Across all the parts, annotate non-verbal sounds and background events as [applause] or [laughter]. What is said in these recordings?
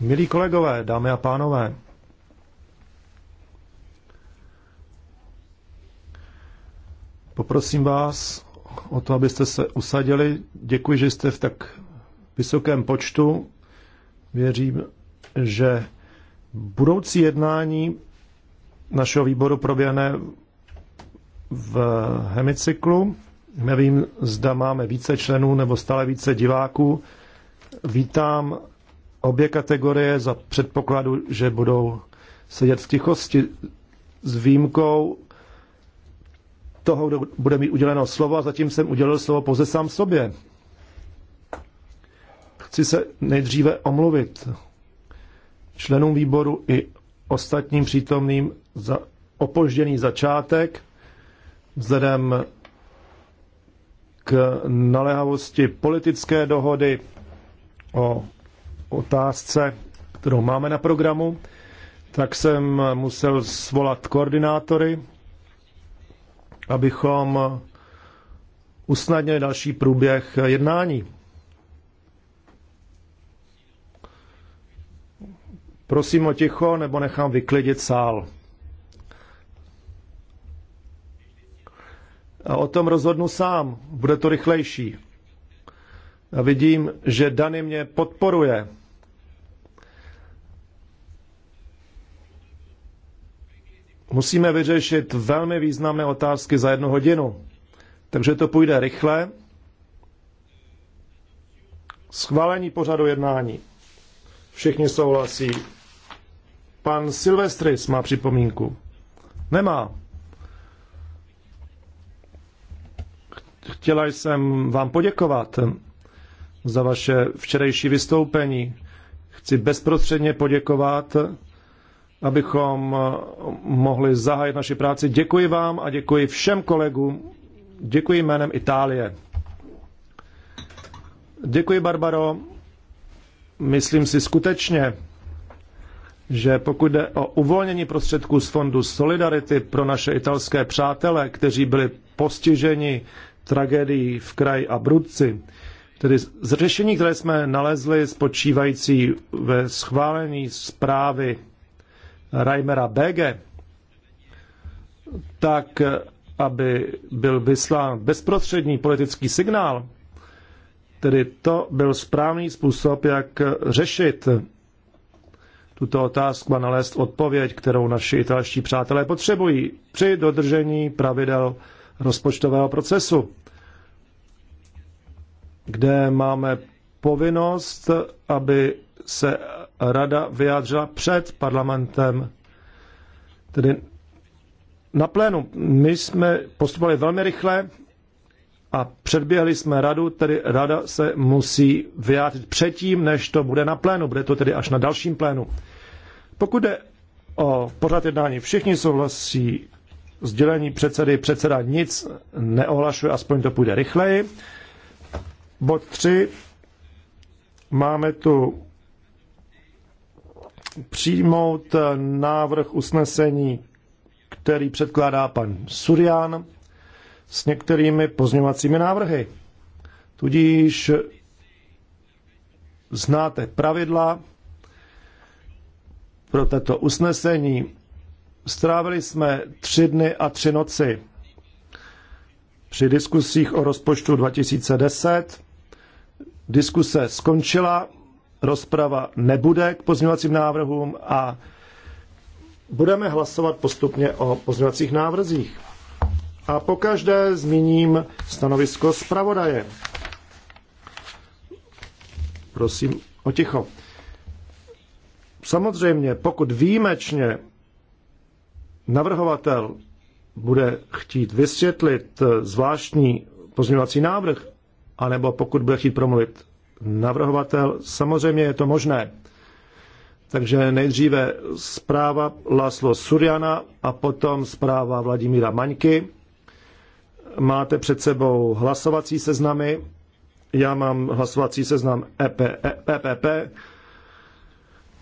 Milí kolegové, dámy a pánové, poprosím vás o to, abyste se usadili. Děkuji, že jste v tak vysokém počtu. Věřím, že budoucí jednání našeho výboru proběhne v hemicyklu. Nevím, zda máme více členů nebo stále více diváků. Vítám obě kategorie za předpokladu, že budou sedět v tichosti s výjimkou toho, kdo bude mít uděleno slovo a zatím jsem udělil slovo pouze sám sobě. Chci se nejdříve omluvit členům výboru i ostatním přítomným za opožděný začátek vzhledem k naléhavosti politické dohody o otázce, kterou máme na programu, tak jsem musel svolat koordinátory, abychom usnadnili další průběh jednání. Prosím o ticho, nebo nechám vyklidit sál. A o tom rozhodnu sám, bude to rychlejší. A vidím, že Dany mě podporuje. Musíme vyřešit velmi významné otázky za jednu hodinu. Takže to půjde rychle. Schválení pořadu jednání. Všichni souhlasí. Pan Silvestris má připomínku. Nemá. Chtěla jsem vám poděkovat za vaše včerejší vystoupení. Chci bezprostředně poděkovat, abychom mohli zahájit naši práci. Děkuji vám a děkuji všem kolegům. Děkuji jménem Itálie. Děkuji, Barbaro. Myslím si skutečně, že pokud jde o uvolnění prostředků z Fondu Solidarity pro naše italské přátele, kteří byli postiženi tragédií v kraji Abruzzi, Tedy z řešení, které jsme nalezli, spočívající ve schválení zprávy Reimera BG, tak aby byl vyslán bezprostřední politický signál, tedy to byl správný způsob, jak řešit tuto otázku a nalézt odpověď, kterou naši italští přátelé potřebují při dodržení pravidel rozpočtového procesu kde máme povinnost, aby se rada vyjádřila před parlamentem, tedy na plénu. My jsme postupovali velmi rychle a předběhli jsme radu, tedy rada se musí vyjádřit předtím, než to bude na plénu. Bude to tedy až na dalším plénu. Pokud jde o pořad jednání, všichni souhlasí sdělení předsedy, předseda nic neohlašuje, aspoň to půjde rychleji. Bod 3. Máme tu přijmout eh, návrh usnesení, který předkládá pan Surian s některými pozměňovacími návrhy. Tudíž znáte pravidla pro tato usnesení. Strávili jsme tři dny a tři noci při diskusích o rozpočtu 2010 Diskuse skončila, rozprava nebude k pozměňovacím návrhům a budeme hlasovat postupně o pozměňovacích návrzích. A pokaždé zmíním stanovisko zpravodaje. Prosím o ticho. Samozřejmě, pokud výjimečně navrhovatel bude chtít vysvětlit zvláštní pozměňovací návrh, anebo pokud bude chtít promluvit navrhovatel, samozřejmě je to možné. Takže nejdříve zpráva Laslo Suriana a potom zpráva Vladimíra Maňky. Máte před sebou hlasovací seznamy. Já mám hlasovací seznam EP, EPP.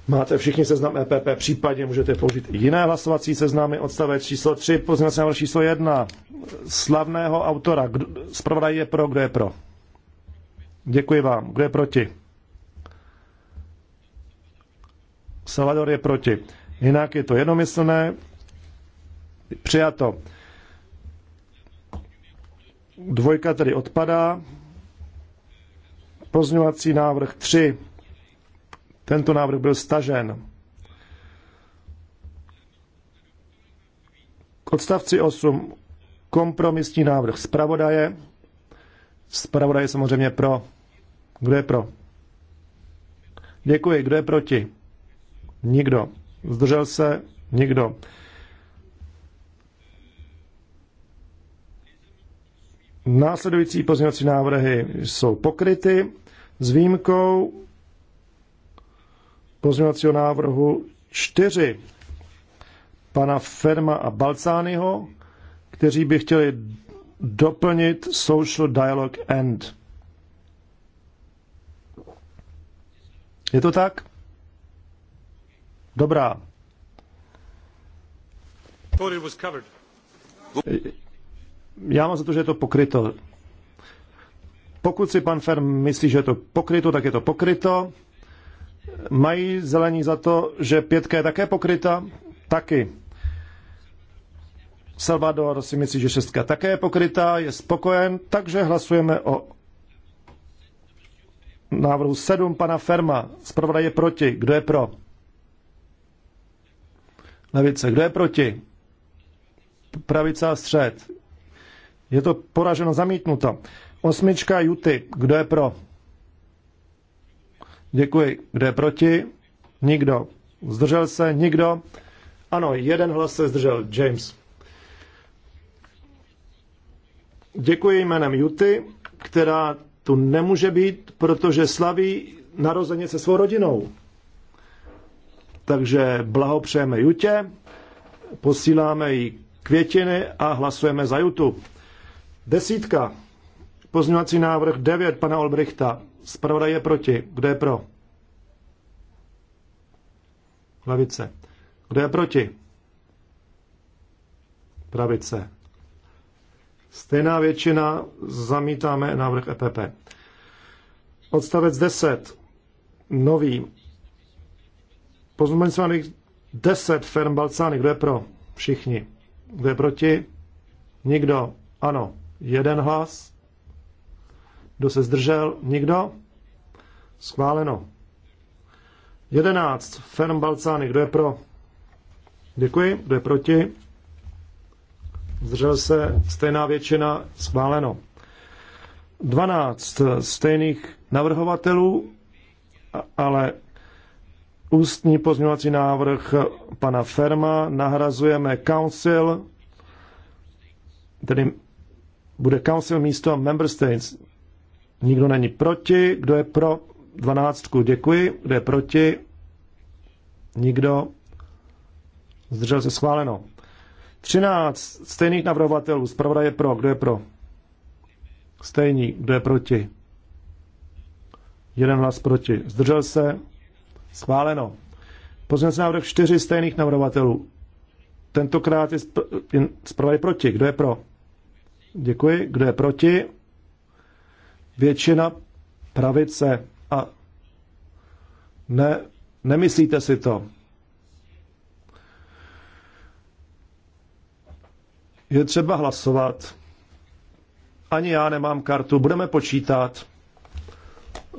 Máte všichni seznam EPP, případně můžete použít jiné hlasovací seznamy. Odstavec číslo 3, pozměnací návrh číslo 1. Slavného autora. Zpravodaj je pro, kdo je pro? Děkuji vám. Kdo je proti? Salvador je proti. Jinak je to jednomyslné. Přijato. Dvojka tedy odpadá. Pozňovací návrh 3. Tento návrh byl stažen. K odstavci 8 kompromisní návrh zpravodaje. Zpravodaj je samozřejmě pro. Kdo je pro? Děkuji. Kdo je proti? Nikdo. Zdržel se? Nikdo. Následující pozměňovací návrhy jsou pokryty s výjimkou pozměňovacího návrhu 4 pana Ferma a Balcányho, kteří by chtěli doplnit Social Dialogue End. Je to tak? Dobrá. Já mám za to, že je to pokryto. Pokud si pan Ferm myslí, že je to pokryto, tak je to pokryto. Mají zelení za to, že pětka je také pokryta? Taky. Salvador si myslí, že šestka také je pokryta, je spokojen, takže hlasujeme o návrhu 7 pana Ferma. Zpravodaj je proti. Kdo je pro? Levice. Kdo je proti? Pravice a střed. Je to poraženo, zamítnuto. Osmička Juty. Kdo je pro? Děkuji. Kdo je proti? Nikdo. Zdržel se? Nikdo. Ano, jeden hlas se zdržel. James. Děkuji jménem Juty, která tu nemůže být, protože slaví narozeně se svou rodinou. Takže blahopřejeme Jutě, posíláme jí květiny a hlasujeme za Jutu. Desítka. Pozměňovací návrh 9 pana Olbrichta. Zpravodaj je proti. Kdo je pro? Lavice. Kdo je proti? Pravice. Stejná většina zamítáme návrh EPP. Odstavec 10. Nový. Pozměňovací návrh 10 firm Balcány. Kdo je pro? Všichni. Kdo je proti? Nikdo. Ano. Jeden hlas. Kdo se zdržel? Nikdo. Schváleno. 11. Ferm Balcány. Kdo je pro? Děkuji. Kdo je proti? zdržel se, stejná většina, schváleno. 12 stejných navrhovatelů, ale ústní pozměňovací návrh pana Ferma nahrazujeme council, tedy bude council místo member states. Nikdo není proti, kdo je pro dvanáctku, děkuji, kdo je proti, nikdo, zdržel se schváleno. 13 stejných navrhovatelů. Zpravodaj je pro. Kdo je pro? Stejný. Kdo je proti? Jeden hlas proti. Zdržel se? Schváleno. Pozměňovací návrh 4 stejných navrhovatelů. Tentokrát je je proti. Kdo je pro? Děkuji. Kdo je proti? Většina pravice a ne, nemyslíte si to. je třeba hlasovat. Ani já nemám kartu, budeme počítat.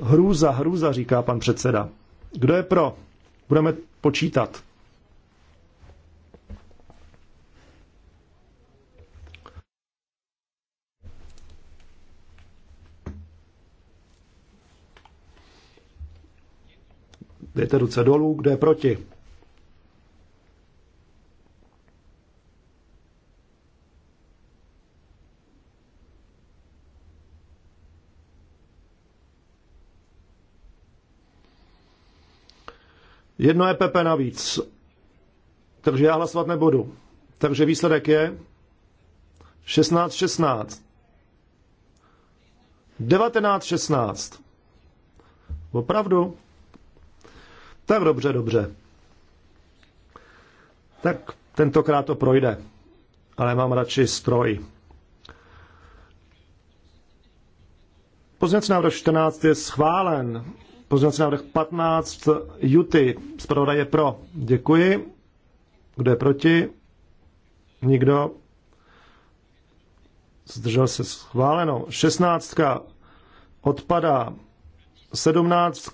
Hrůza, hrůza, říká pan předseda. Kdo je pro? Budeme počítat. Dejte ruce dolů, kdo je proti. Jedno je PP navíc. Takže já hlasovat nebudu. Takže výsledek je 16-16. 19-16. Opravdu? Tak dobře, dobře. Tak tentokrát to projde. Ale mám radši stroj. Pozněcí návrh 14 je schválen. Pozměňovací návrh 15, Juty, zpravodaj je pro. Děkuji. Kdo je proti? Nikdo. Zdržel se schváleno. 16. Odpadá. 17.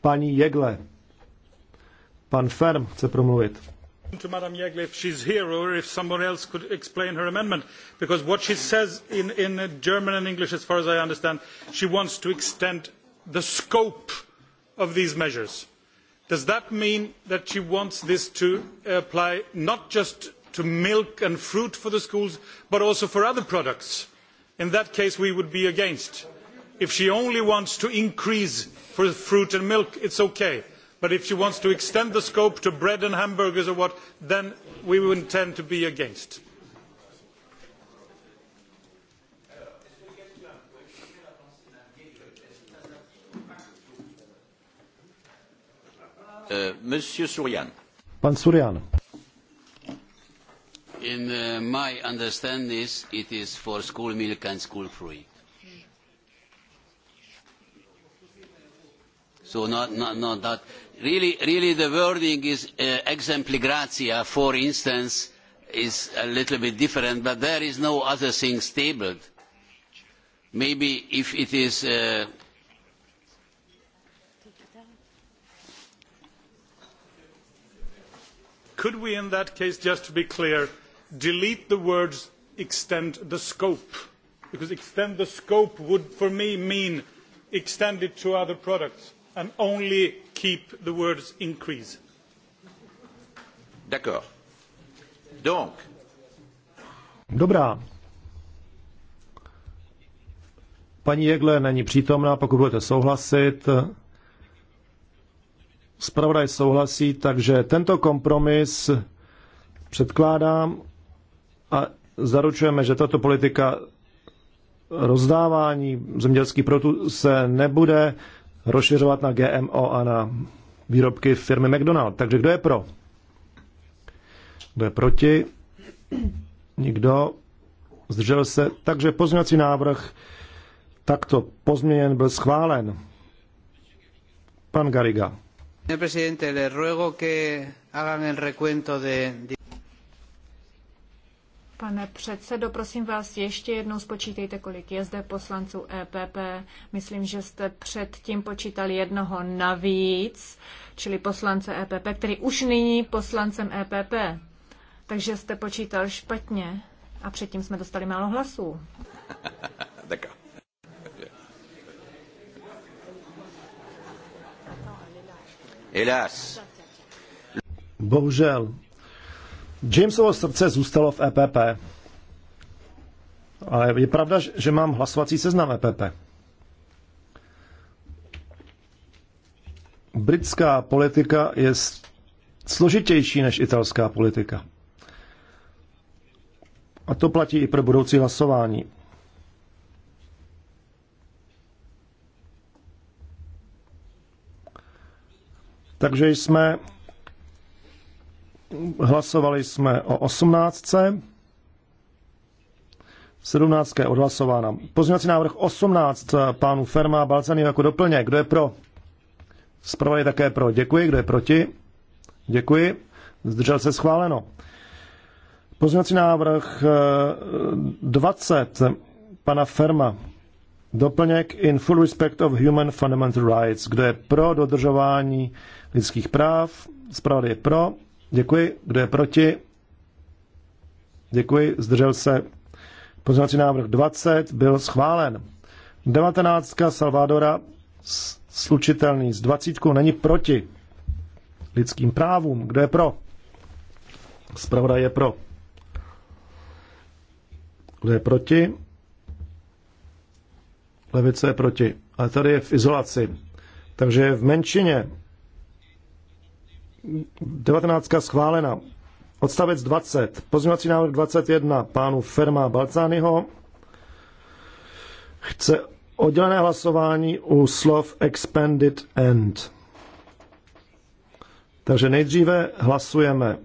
Paní Jegle. Pan Ferm chce promluvit to Madam Yegle if she's here or if someone else could explain her amendment. Because what she says in, in German and English, as far as I understand, she wants to extend the scope of these measures. Does that mean that she wants this to apply not just to milk and fruit for the schools, but also for other products? In that case, we would be against. If she only wants to increase for fruit and milk, it's okay but if she wants to extend the scope to bread and hamburgers or what then we would tend to be against. Uh, Monsieur Sourian. Pan Sourian. In uh, my understanding, it is for school milk and school fruit. So not, not, not that. Really, really the wording is uh, exempli gratia, for instance, is a little bit different, but there is no other things tabled. Maybe if it is... Uh, Could we in that case, just to be clear, delete the words extend the scope? Because extend the scope would, for me, mean extend it to other products and only keep the words increase. D'accord. Donc. Dobrá. Paní Jegle není přítomná, pokud budete souhlasit. Spravodaj souhlasí, takže tento kompromis předkládám a zaručujeme, že tato politika rozdávání zemědělských produktů se nebude rozšiřovat na GMO a na výrobky firmy McDonald. Takže kdo je pro? Kdo je proti? Nikdo. Zdržel se. Takže pozměňovací návrh takto pozměněn byl schválen. Pan Gariga. pane prezidente, le ruego que hagan el recuento de... Pane předsedo, prosím vás, ještě jednou spočítejte, kolik je zde poslanců EPP. Myslím, že jste předtím počítali jednoho navíc, čili poslance EPP, který už nyní poslancem EPP. Takže jste počítal špatně a předtím jsme dostali málo hlasů. [laughs] Bohužel, Jamesovo srdce zůstalo v EPP. Ale je pravda, že mám hlasovací seznam EPP. Britská politika je složitější než italská politika. A to platí i pro budoucí hlasování. Takže jsme Hlasovali jsme o 18. 17. je odhlasována. Pozměňovací návrh 18 pánů Ferma a Balcany jako doplněk. Kdo je pro? Zprava je také pro. Děkuji. Kdo je proti? Děkuji. Zdržel se schváleno. Pozměňovací návrh 20 eh, pana Ferma. Doplněk in full respect of human fundamental rights. Kdo je pro dodržování lidských práv? Zpravodaj je pro. Děkuji. Kdo je proti? Děkuji. Zdržel se. Pozměňovací návrh 20 byl schválen. 19. Salvadora slučitelný s 20. není proti lidským právům. Kdo je pro? Zpravodaj je pro. Kdo je proti? Levice je proti. Ale tady je v izolaci. Takže je v menšině. 19 schválena. Odstavec 20. Pozměňovací návrh 21 pánu Ferma Balcányho chce oddělené hlasování u slov expanded end. Takže nejdříve hlasujeme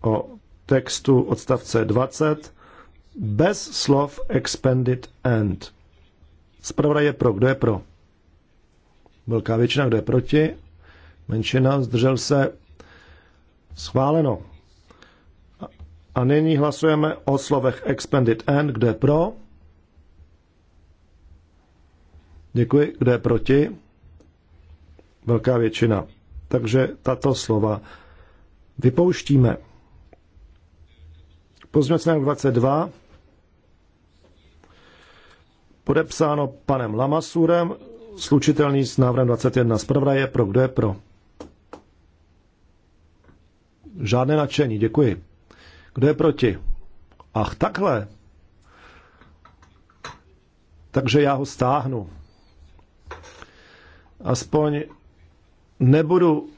o textu odstavce 20 bez slov expanded end. Zpravodaj je pro. Kdo je pro? Velká většina, kdo je proti? menšina, zdržel se, schváleno. A nyní hlasujeme o slovech expanded n, kde je pro. Děkuji, kde je proti. Velká většina. Takže tato slova vypouštíme. Pozměňovací 22 podepsáno panem Lamasurem, slučitelný s návrhem 21 je pro kdo je pro. Žádné nadšení, děkuji. Kdo je proti? Ach, takhle. Takže já ho stáhnu. Aspoň nebudu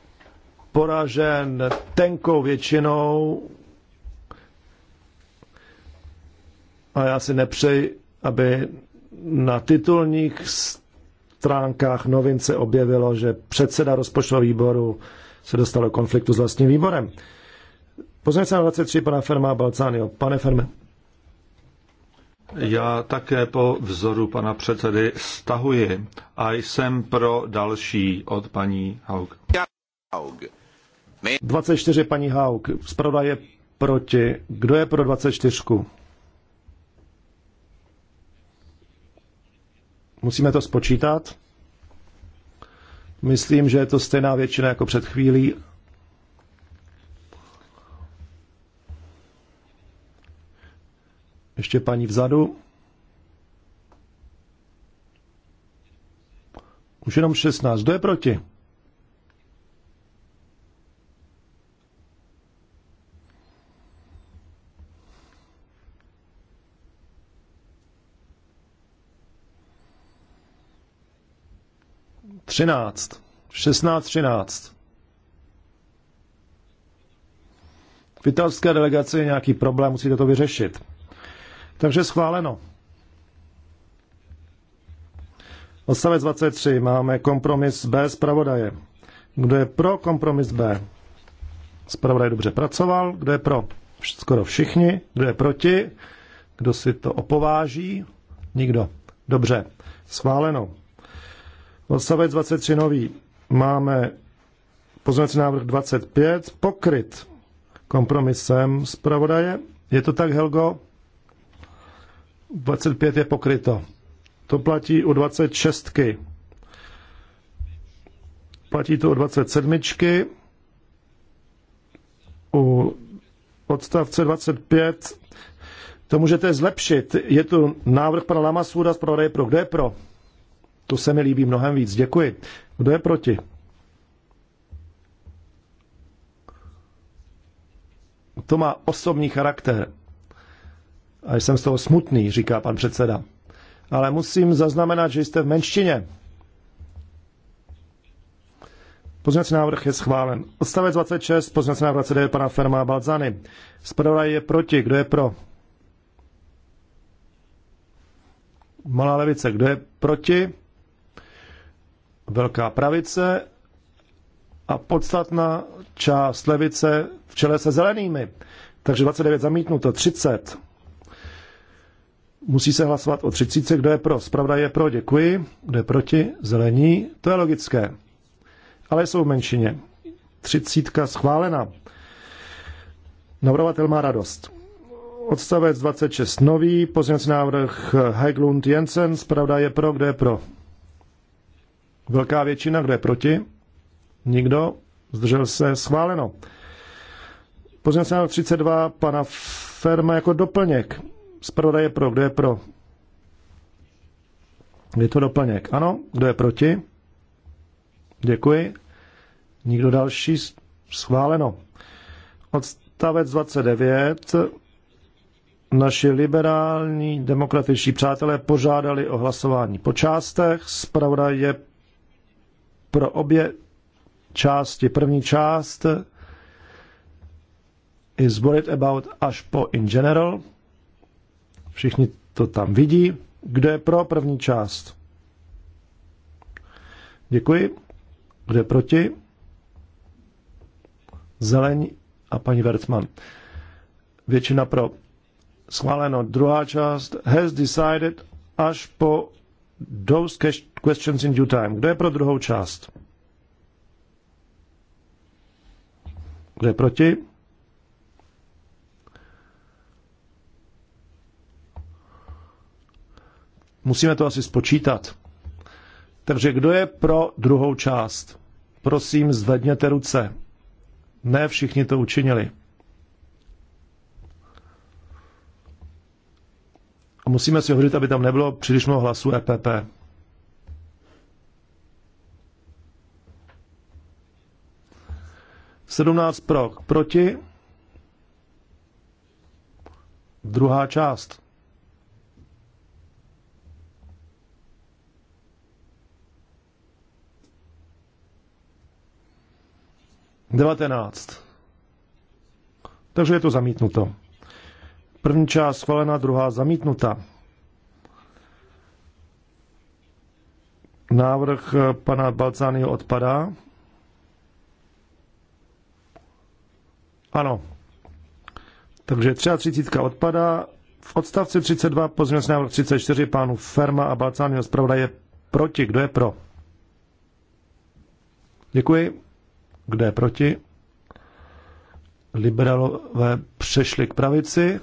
poražen tenkou většinou a já si nepřeji, aby na titulních stránkách novin se objevilo, že předseda rozpočtového výboru se dostal do konfliktu s vlastním výborem. Pozměnice na 23 pana Ferma Balcánio. Pane Ferme. Já také po vzoru pana předsedy stahuji a jsem pro další od paní Haug. 24 paní Haug. Zpravda je proti. Kdo je pro 24? Musíme to spočítat. Myslím, že je to stejná většina jako před chvílí. Ještě paní vzadu. Už jenom 16. Kdo je proti? 13. 16, 13. V italské delegaci je nějaký problém, musíte to vyřešit. Takže schváleno. Odstavec 23. Máme kompromis B pravodaje. Kdo je pro kompromis B? Zpravodaj dobře pracoval. Kdo je pro? Skoro všichni. Kdo je proti? Kdo si to opováží? Nikdo. Dobře. Schváleno. Odstavec 23 nový. Máme pozměňovací návrh 25 pokryt kompromisem zpravodaje. Je to tak, Helgo? 25 je pokryto. To platí u 26. -ky. Platí to u 27. U odstavce 25 to můžete zlepšit. Je tu návrh pana Lamasura z prodeje pro. Kdo je pro? To se mi líbí mnohem víc. Děkuji. Kdo je proti? To má osobní charakter. A jsem z toho smutný, říká pan předseda. Ale musím zaznamenat, že jste v menštině. Pozměnací návrh je schválen. Odstavec 26, pozměnací návrh 29 pana Ferma Balzany. Zpravodaj je proti. Kdo je pro? Malá levice. Kdo je proti? velká pravice a podstatná část levice v čele se zelenými. Takže 29 zamítnuto, 30. Musí se hlasovat o 30, kdo je pro. Spravda je pro, děkuji. Kdo je proti, zelení. To je logické. Ale jsou v menšině. 30 schválena. Navrhovatel má radost. Odstavec 26 nový, pozměňovací návrh Heiglund Jensen, zpravda je pro, Kde je pro. Velká většina, kdo je proti? Nikdo? Zdržel se? Schváleno. se na 32 pana Ferma jako doplněk. Zpravodaj je pro. Kdo je pro? Je to doplněk. Ano. Kdo je proti? Děkuji. Nikdo další? Schváleno. Odstavec 29. Naši liberální demokratičtí přátelé požádali o hlasování po částech. Zpravodaj je pro obě části. První část is worried about až po in general. Všichni to tam vidí. Kdo je pro první část? Děkuji. Kdo je proti? Zeleň a paní Wertmann. Většina pro. Schváleno. Druhá část has decided až po Those questions in due time. Kdo je pro druhou část? Kdo je proti? Musíme to asi spočítat. Takže kdo je pro druhou část? Prosím, zvedněte ruce. Ne všichni to učinili. A musíme si ohlídat, aby tam nebylo příliš mnoho hlasů EPP. Sedmnáct pro, proti. Druhá část. Devatenáct. Takže je to zamítnuto. První část schválená, druhá zamítnuta. Návrh eh, pana Balcány odpadá. Ano. Takže 33 odpadá. V odstavci 32 pozměnil návrh 34 pánu Ferma a Balcányho zpravodaje je proti. Kdo je pro? Děkuji. Kdo je proti? Liberálové přešli k pravici.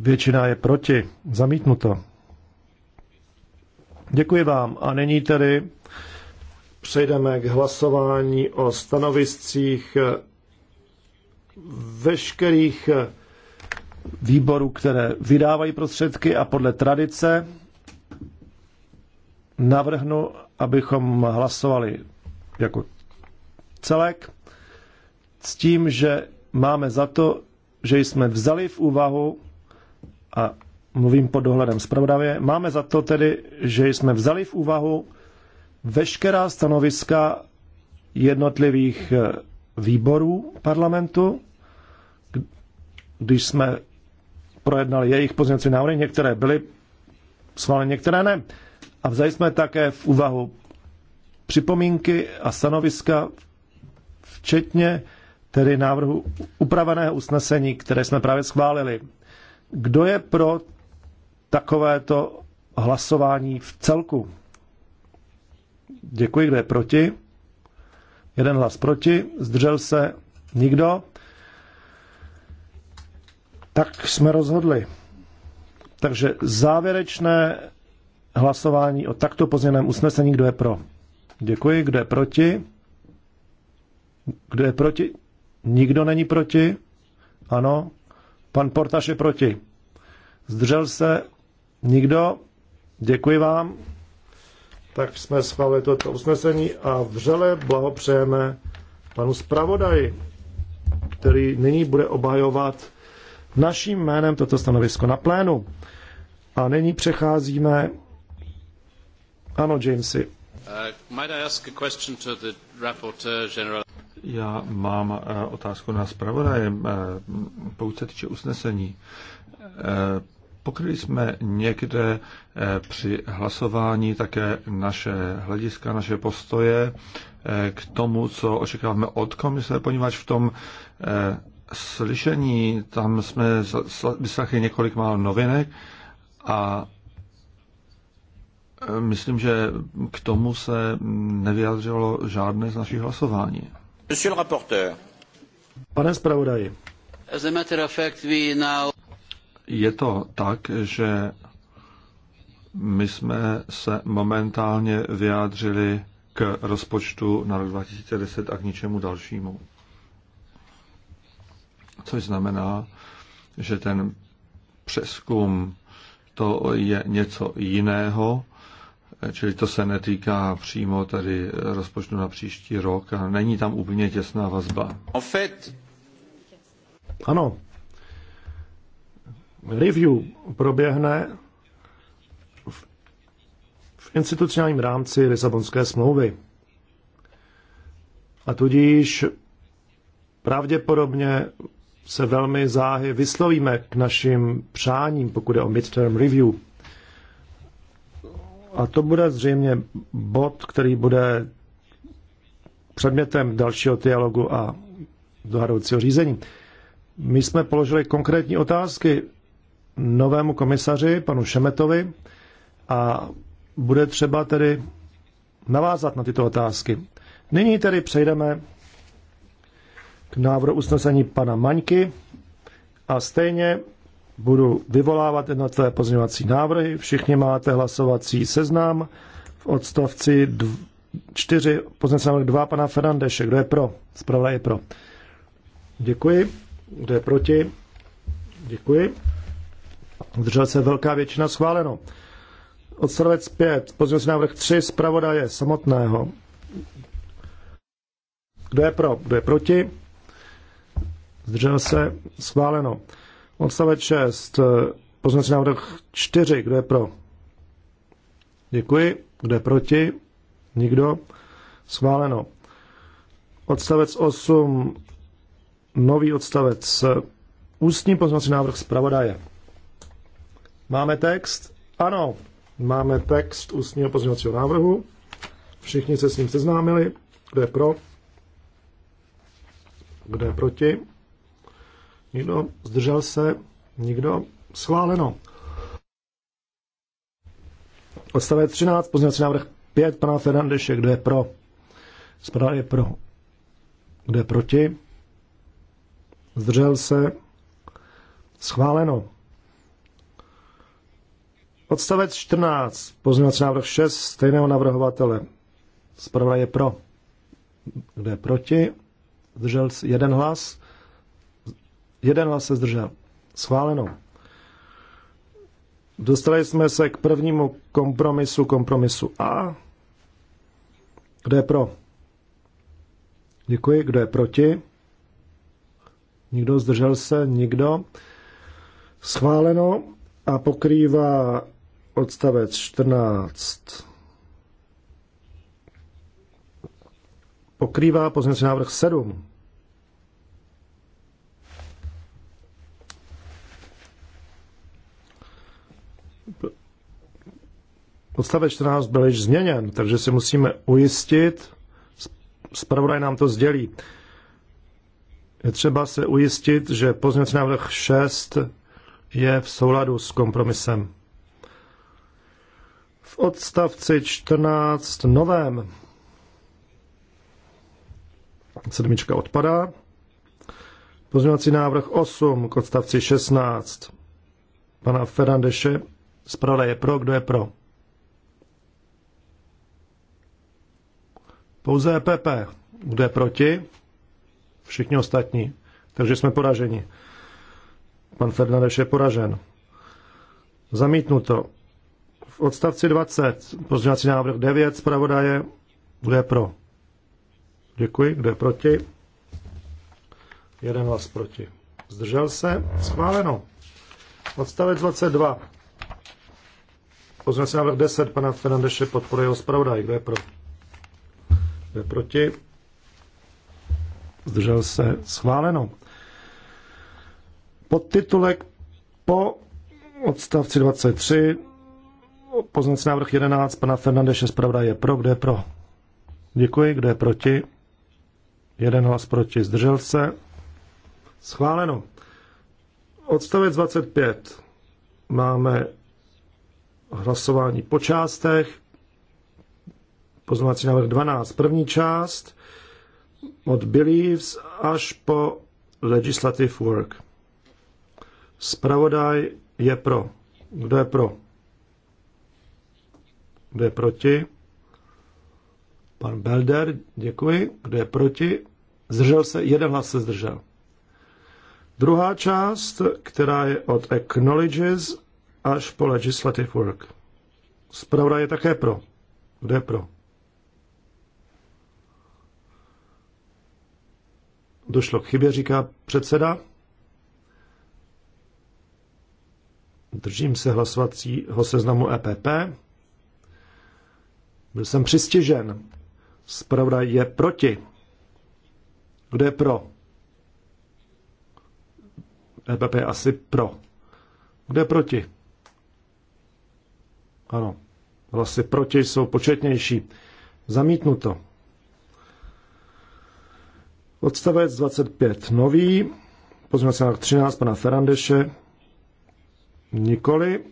Většina je proti. Zamítnuto. Děkuji vám. A nyní tedy přejdeme k hlasování o stanoviscích veškerých výborů, které vydávají prostředky a podle tradice navrhnu, abychom hlasovali jako celek s tím, že máme za to, že jsme vzali v úvahu a mluvím pod dohledem zpravodavě. máme za to tedy, že jsme vzali v úvahu veškerá stanoviska jednotlivých eh, výborů parlamentu, když jsme projednali jejich pozměňovací návrhy, některé byly schváleny, některé ne. A vzali jsme také v úvahu připomínky a stanoviska, včetně tedy návrhu upraveného usnesení, které jsme právě schválili. Kdo je pro takovéto hlasování v celku? Děkuji, kdo je proti? Jeden hlas proti, zdržel se nikdo. Tak jsme rozhodli. Takže závěrečné hlasování o takto pozměném usnesení, kdo je pro? Děkuji, kdo je proti? Kdo je proti? Nikdo není proti? Ano, Pan Portaš je proti. Zdržel se nikdo. Děkuji vám. Tak jsme schválili toto usnesení a vřele blahopřejeme panu zpravodaji, který nyní bude obhajovat naším jménem toto stanovisko na plénu. A nyní přecházíme. Ano, Jamesy. Uh, might I ask a question to the rapporteur general? Já mám eh, otázku na zpravodaje, eh, pokud se týče usnesení. Eh, pokryli jsme někde při hlasování také naše hlediska, naše postoje k tomu, co očekáváme od komise, poněvadž v tom slyšení tam jsme vyslechli několik málo novinek a myslím, že k tomu se nevyjadřilo žádné z našich hlasování. Pane zpravodaji. Je to tak, že my jsme se momentálně vyjádřili k rozpočtu na rok 2010 a k ničemu dalšímu. Což znamená, že ten přeskum to je něco jiného, Čili to se netýká přímo tady rozpočtu na příští rok a není tam úplně těsná vazba. Ano. Review proběhne v, v institucionálním rámci Lisabonské smlouvy. A tudíž pravděpodobně se velmi záhy vyslovíme k našim přáním, pokud je o midterm review. A to bude zřejmě bod, který bude předmětem dalšího dialogu a dohadovacího řízení. My jsme položili konkrétní otázky novému komisaři, panu Šemetovi, a bude třeba tedy navázat na tyto otázky. Nyní tedy přejdeme k návrhu usnesení pana Maňky a stejně budu vyvolávat jednotlivé pozměňovací návrhy. Všichni máte hlasovací seznam v odstavci 4, pozměňovací návrh 2 pana Fernandeše. Kdo je pro? Zpravodaj je pro. Děkuji. Kdo je proti? Děkuji. Zdržel se velká většina schváleno. Odstavec 5, pozměňovací návrh 3, zpravodaje samotného. Kdo je pro? Kdo je proti? Zdržel se schváleno. Odstavec 6. Poznací návrh 4. Kdo je pro? Děkuji. Kdo je proti? Nikdo. Schváleno. Odstavec 8. Nový odstavec. Ústní poznací návrh zpravodaje. Máme text? Ano, máme text ústního pozměňovacího návrhu. Všichni se s ním seznámili. Kdo je pro? Kdo je proti? Někdo zdržel se, někdo schváleno. Odstavec 13, pozměňovací návrh 5 pana Fernandeše, kdo je pro? Spadá je pro. Kdo je proti? Zdržel se? Schváleno. Odstavec 14, pozměňovací návrh 6 stejného navrhovatele. Zprava je pro. Kdo je proti? Zdržel se jeden hlas. Jeden hlas se zdržel. Schváleno. Dostali jsme se k prvnímu kompromisu, kompromisu A. Kdo je pro? Děkuji. Kdo je proti? Nikdo zdržel se? Nikdo. Schváleno a pokrývá odstavec 14. Pokrývá pozměnce návrh 7. Odstavec 14 byl již změněn, takže si musíme ujistit, zpravodaj nám to sdělí, je třeba se ujistit, že pozměňovací návrh 6 je v souladu s kompromisem. V odstavci 14 novém sedmička odpadá. Pozměňovací návrh 8 k odstavci 16 pana Ferrandeše. Zpravodaj je pro, kdo je pro? Pouze EPP bude proti, všichni ostatní. Takže jsme poraženi. Pan Fernandeš je poražen. Zamítnuto. V odstavci 20, pozměňovací návrh 9, zpravodaje, bude pro. Děkuji, kdo je proti? Jeden hlas proti. Zdržel se? Schváleno. Odstavec 22. Pozměňovací návrh 10 pana Fernandeše podporuje ho zpravodaj. Kdo je pro? je proti? Zdržel se schváleno. Podtitulek po odstavci 23 poznací návrh 11 pana Fernandeše zpravda je pro, kdo je pro? Děkuji, kdo je proti? Jeden hlas proti, zdržel se. Schváleno. Odstavec 25. Máme hlasování po částech pozvací návrh 12. První část od Beliefs až po Legislative Work. Spravodaj je pro. Kdo je pro? Kdo je proti? Pan Belder, děkuji. Kdo je proti? Zdržel se, jeden hlas se zdržel. Druhá část, která je od Acknowledges až po Legislative Work. Spravodaj je také pro. Kdo je pro? Došlo k chybě, říká předseda. Držím se hlasovacího seznamu EPP. Byl jsem přistižen. Spravda je proti. Kdo je pro? EPP je asi pro. Kdo je proti? Ano, hlasy proti jsou početnější. Zamítnuto. Odstavec 25 nový, pozměňovací návrh 13 pana Ferandeše, nikoli.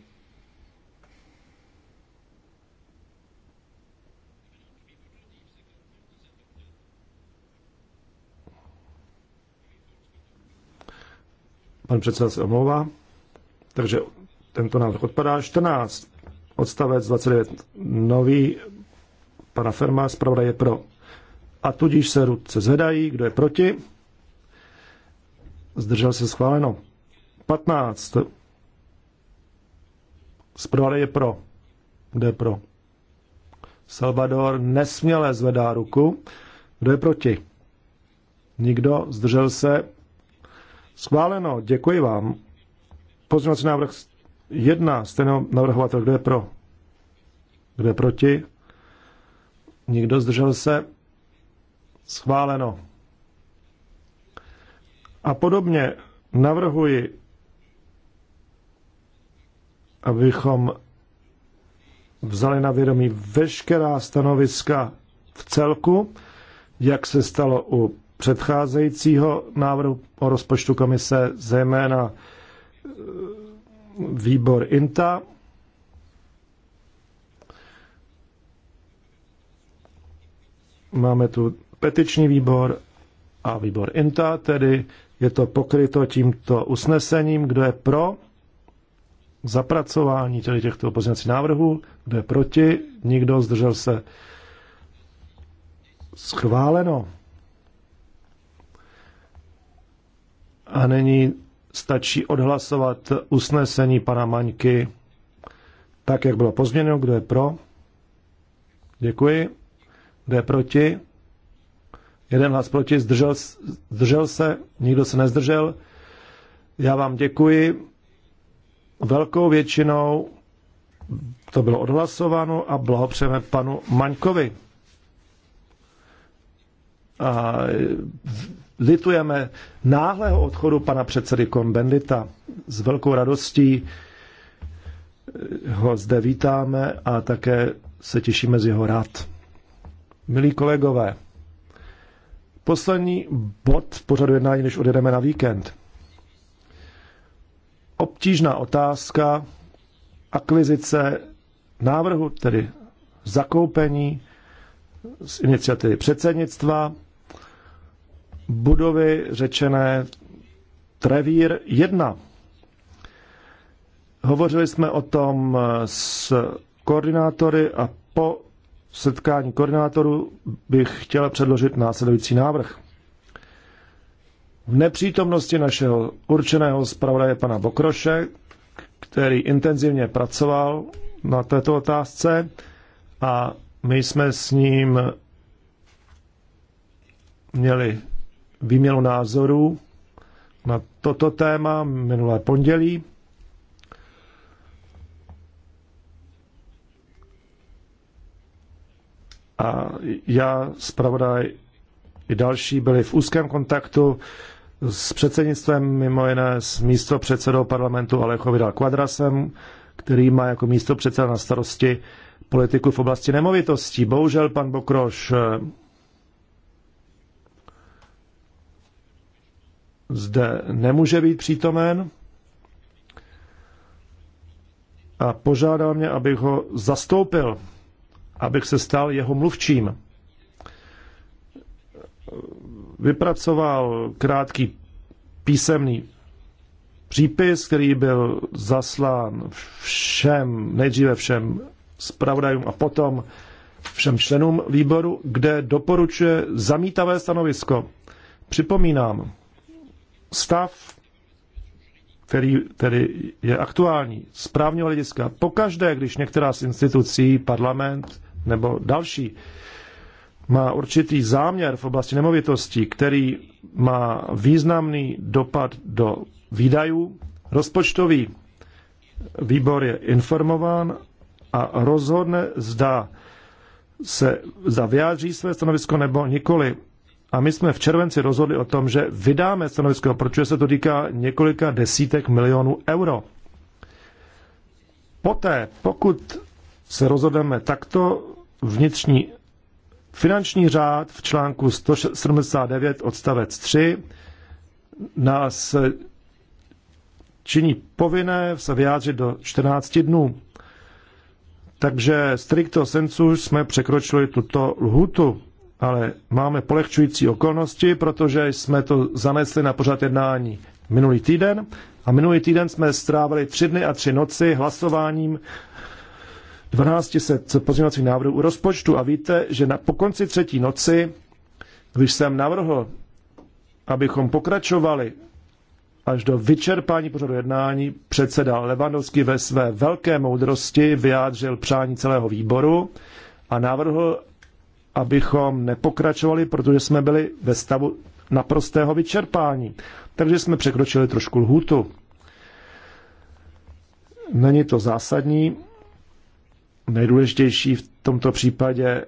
Pan předseda se omlouvá. Takže tento návrh odpadá. 14. Odstavec 29. Nový pana Ferma, zpravodaj je pro a tudíž se ruce zvedají, kdo je proti. Zdržel se schváleno. 15. Zpravodaj je pro. Kdo je pro? Salvador nesměle zvedá ruku. Kdo je proti? Nikdo zdržel se. Schváleno, děkuji vám. Pozměňovací návrh jedna stejného navrhovatel, kdo je pro? Kdo je proti? Nikdo zdržel se. Schváleno. A podobně navrhuji, abychom vzali na vědomí veškerá stanoviska v celku, jak se stalo u předcházejícího návrhu o rozpočtu komise, zejména e, výbor INTA. Máme tu petiční výbor a výbor INTA, tedy je to pokryto tímto usnesením, kdo je pro zapracování tedy těchto pozměňovacích návrhů, kdo je proti, nikdo zdržel se schváleno. A není stačí odhlasovat usnesení pana Maňky tak, jak bylo pozměněno, kdo je pro. Děkuji. Kdo je proti? jeden hlas proti, zdržel, zdržel se, nikdo se nezdržel. Já vám děkuji. Velkou většinou to bylo odhlasováno a blahopřejeme panu Maňkovi. A litujeme náhlého odchodu pana předsedy Konbendita. S velkou radostí ho zde vítáme a také se těšíme z jeho rád. Milí kolegové, Poslední bod pořadu jednání, než odjedeme na víkend. Obtížná otázka, akvizice návrhu, tedy zakoupení z iniciativy předsednictva, budovy řečené Trevír 1. Hovořili jsme o tom s koordinátory a po setkání koordinátorů bych chtěl předložit následující návrh. V nepřítomnosti našeho určeného zpravodaje pana Bokroše, který intenzivně pracoval na této otázce a my jsme s ním měli výměnu názorů na toto téma minulé pondělí. a já, zpravodaj i další byli v úzkém kontaktu s předsednictvem, mimo jiné s místo předsedou parlamentu Alejo Vidal Quadrasem, který má jako místo předseda na starosti politiku v oblasti nemovitostí. Bohužel pan Bokroš eh, zde nemůže být přítomen a požádal mě, abych ho zastoupil abych se stal jeho mluvčím. Vypracoval krátký písemný přípis, který byl zaslán všem, nejdříve všem zpravodajům a potom všem členům výboru, kde doporučuje zamítavé stanovisko. Připomínám, stav, který tedy je aktuální z právního hlediska, pokaždé, když některá z institucí, parlament, nebo další má určitý záměr v oblasti nemovitostí, který má významný dopad do výdajů. Rozpočtový výbor je informován a rozhodne, zda se zda vyjádří své stanovisko nebo nikoli. A my jsme v červenci rozhodli o tom, že vydáme stanovisko, protože se to týká několika desítek milionů euro. Poté, pokud se rozhodneme takto, vnitřní finanční řád v článku 179 odstavec 3 nás činí povinné se vyjádřit do 14 dnů. Takže stricto sensu jsme překročili tuto lhutu, ale máme polehčující okolnosti, protože jsme to zanesli na pořad jednání minulý týden a minulý týden jsme strávili tři dny a tři noci hlasováním 1200 pozměňovacích návrhů u rozpočtu a víte, že na, po konci třetí noci, když jsem navrhl, abychom pokračovali až do vyčerpání pořadu jednání, předseda Levandovský ve své velké moudrosti vyjádřil přání celého výboru a navrhl, abychom nepokračovali, protože jsme byli ve stavu naprostého vyčerpání. Takže jsme překročili trošku lhůtu. Není to zásadní, nejdůležitější v tomto případě e,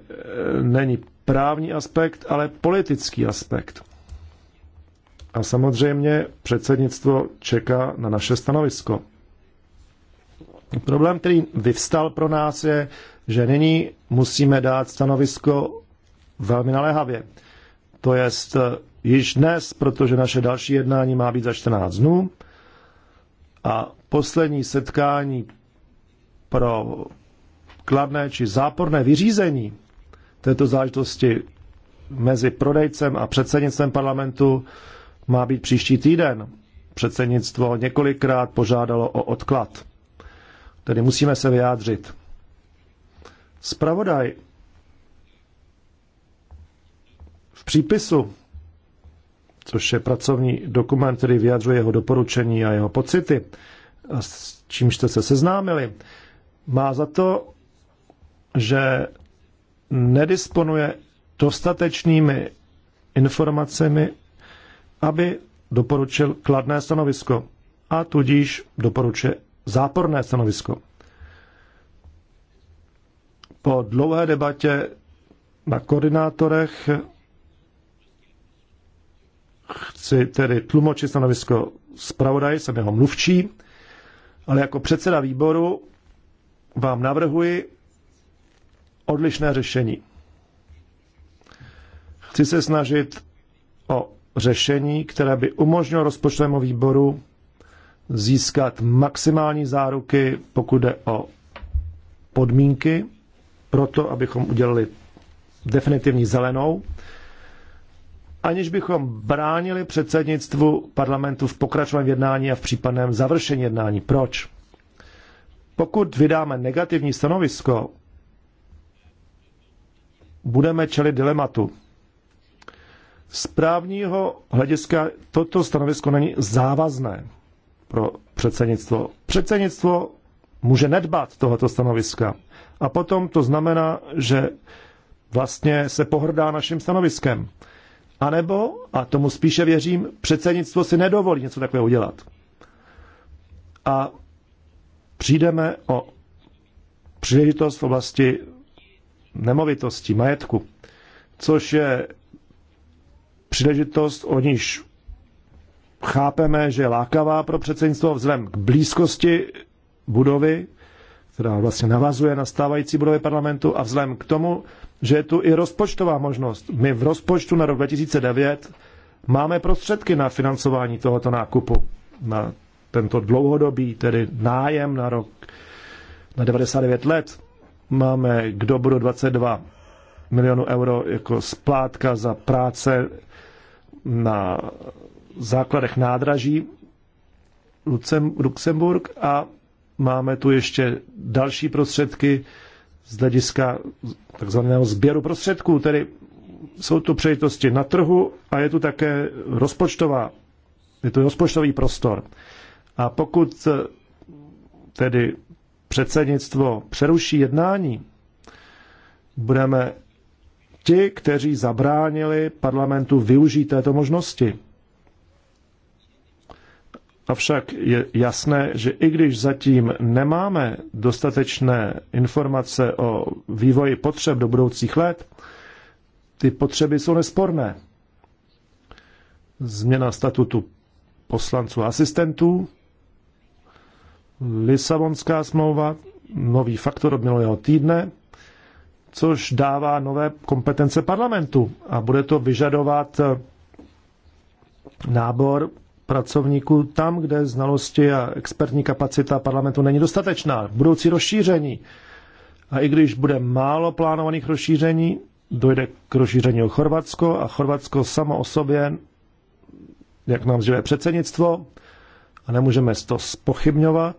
není právní aspekt, ale politický aspekt. A samozřejmě předsednictvo čeká na naše stanovisko. Problém, který vyvstal pro nás, je, že nyní musíme dát stanovisko velmi naléhavě. To jest e, již dnes, protože naše další jednání má být za 14 dnů a poslední setkání pro kladné či záporné vyřízení této záležitosti mezi prodejcem a předsednictvem parlamentu má být příští týden. Předsednictvo několikrát požádalo o odklad. Tedy musíme se vyjádřit. Spravodaj v přípisu, což je pracovní dokument, který vyjadřuje jeho doporučení a jeho pocity, a s čímž jste se seznámili, má za to, že nedisponuje dostatečnými informacemi, aby doporučil kladné stanovisko a tudíž doporučuje záporné stanovisko. Po dlouhé debatě na koordinátorech chci tedy tlumočit stanovisko zpravodaj, jsem jeho mluvčí, ale jako předseda výboru vám navrhuji, odlišné řešení. Chci se snažit o řešení, které by umožnilo rozpočtovému výboru získat maximální záruky, pokud jde o podmínky pro to, abychom udělali definitivní zelenou, aniž bychom bránili předsednictvu parlamentu v pokračování jednání a v případném završení jednání. Proč? Pokud vydáme negativní stanovisko, budeme čelit dilematu. Z právního hlediska toto stanovisko není závazné pro předsednictvo. Předsednictvo může nedbat tohoto stanoviska. A potom to znamená, že vlastně se pohrdá naším stanoviskem. A nebo, a tomu spíše věřím, předsednictvo si nedovolí něco takového udělat. A přijdeme o příležitost v oblasti nemovitosti majetku, což je příležitost, o níž chápeme, že je lákavá pro předsednictvo vzhledem k blízkosti budovy, která vlastně navazuje na stávající budovy parlamentu a vzhledem k tomu, že je tu i rozpočtová možnost. My v rozpočtu na rok 2009 máme prostředky na financování tohoto nákupu, na tento dlouhodobý, tedy nájem na rok, na 99 let máme k dobru 22 milionů euro jako splátka za práce na základech nádraží Luxemburg a máme tu ještě další prostředky z hlediska takzvaného sběru prostředků, tedy jsou tu přejitosti na trhu a je tu také rozpočtová, je tu rozpočtový prostor. A pokud tedy předsednictvo přeruší jednání, budeme ti, kteří zabránili parlamentu využít této možnosti. Avšak je jasné, že i když zatím nemáme dostatečné informace o vývoji potřeb do budoucích let, ty potřeby jsou nesporné. Změna statutu poslanců a asistentů, Lisabonská smlouva, nový faktor od minulého týdne, což dává nové kompetence parlamentu a bude to vyžadovat eh, nábor pracovníků tam, kde znalosti a expertní kapacita parlamentu není dostatečná. Budoucí rozšíření. A i když bude málo plánovaných rozšíření, dojde k rozšíření o Chorvatsko a Chorvatsko samo o sobě, jak nám zjeve předsednictvo, a nemůžeme to spochybňovat,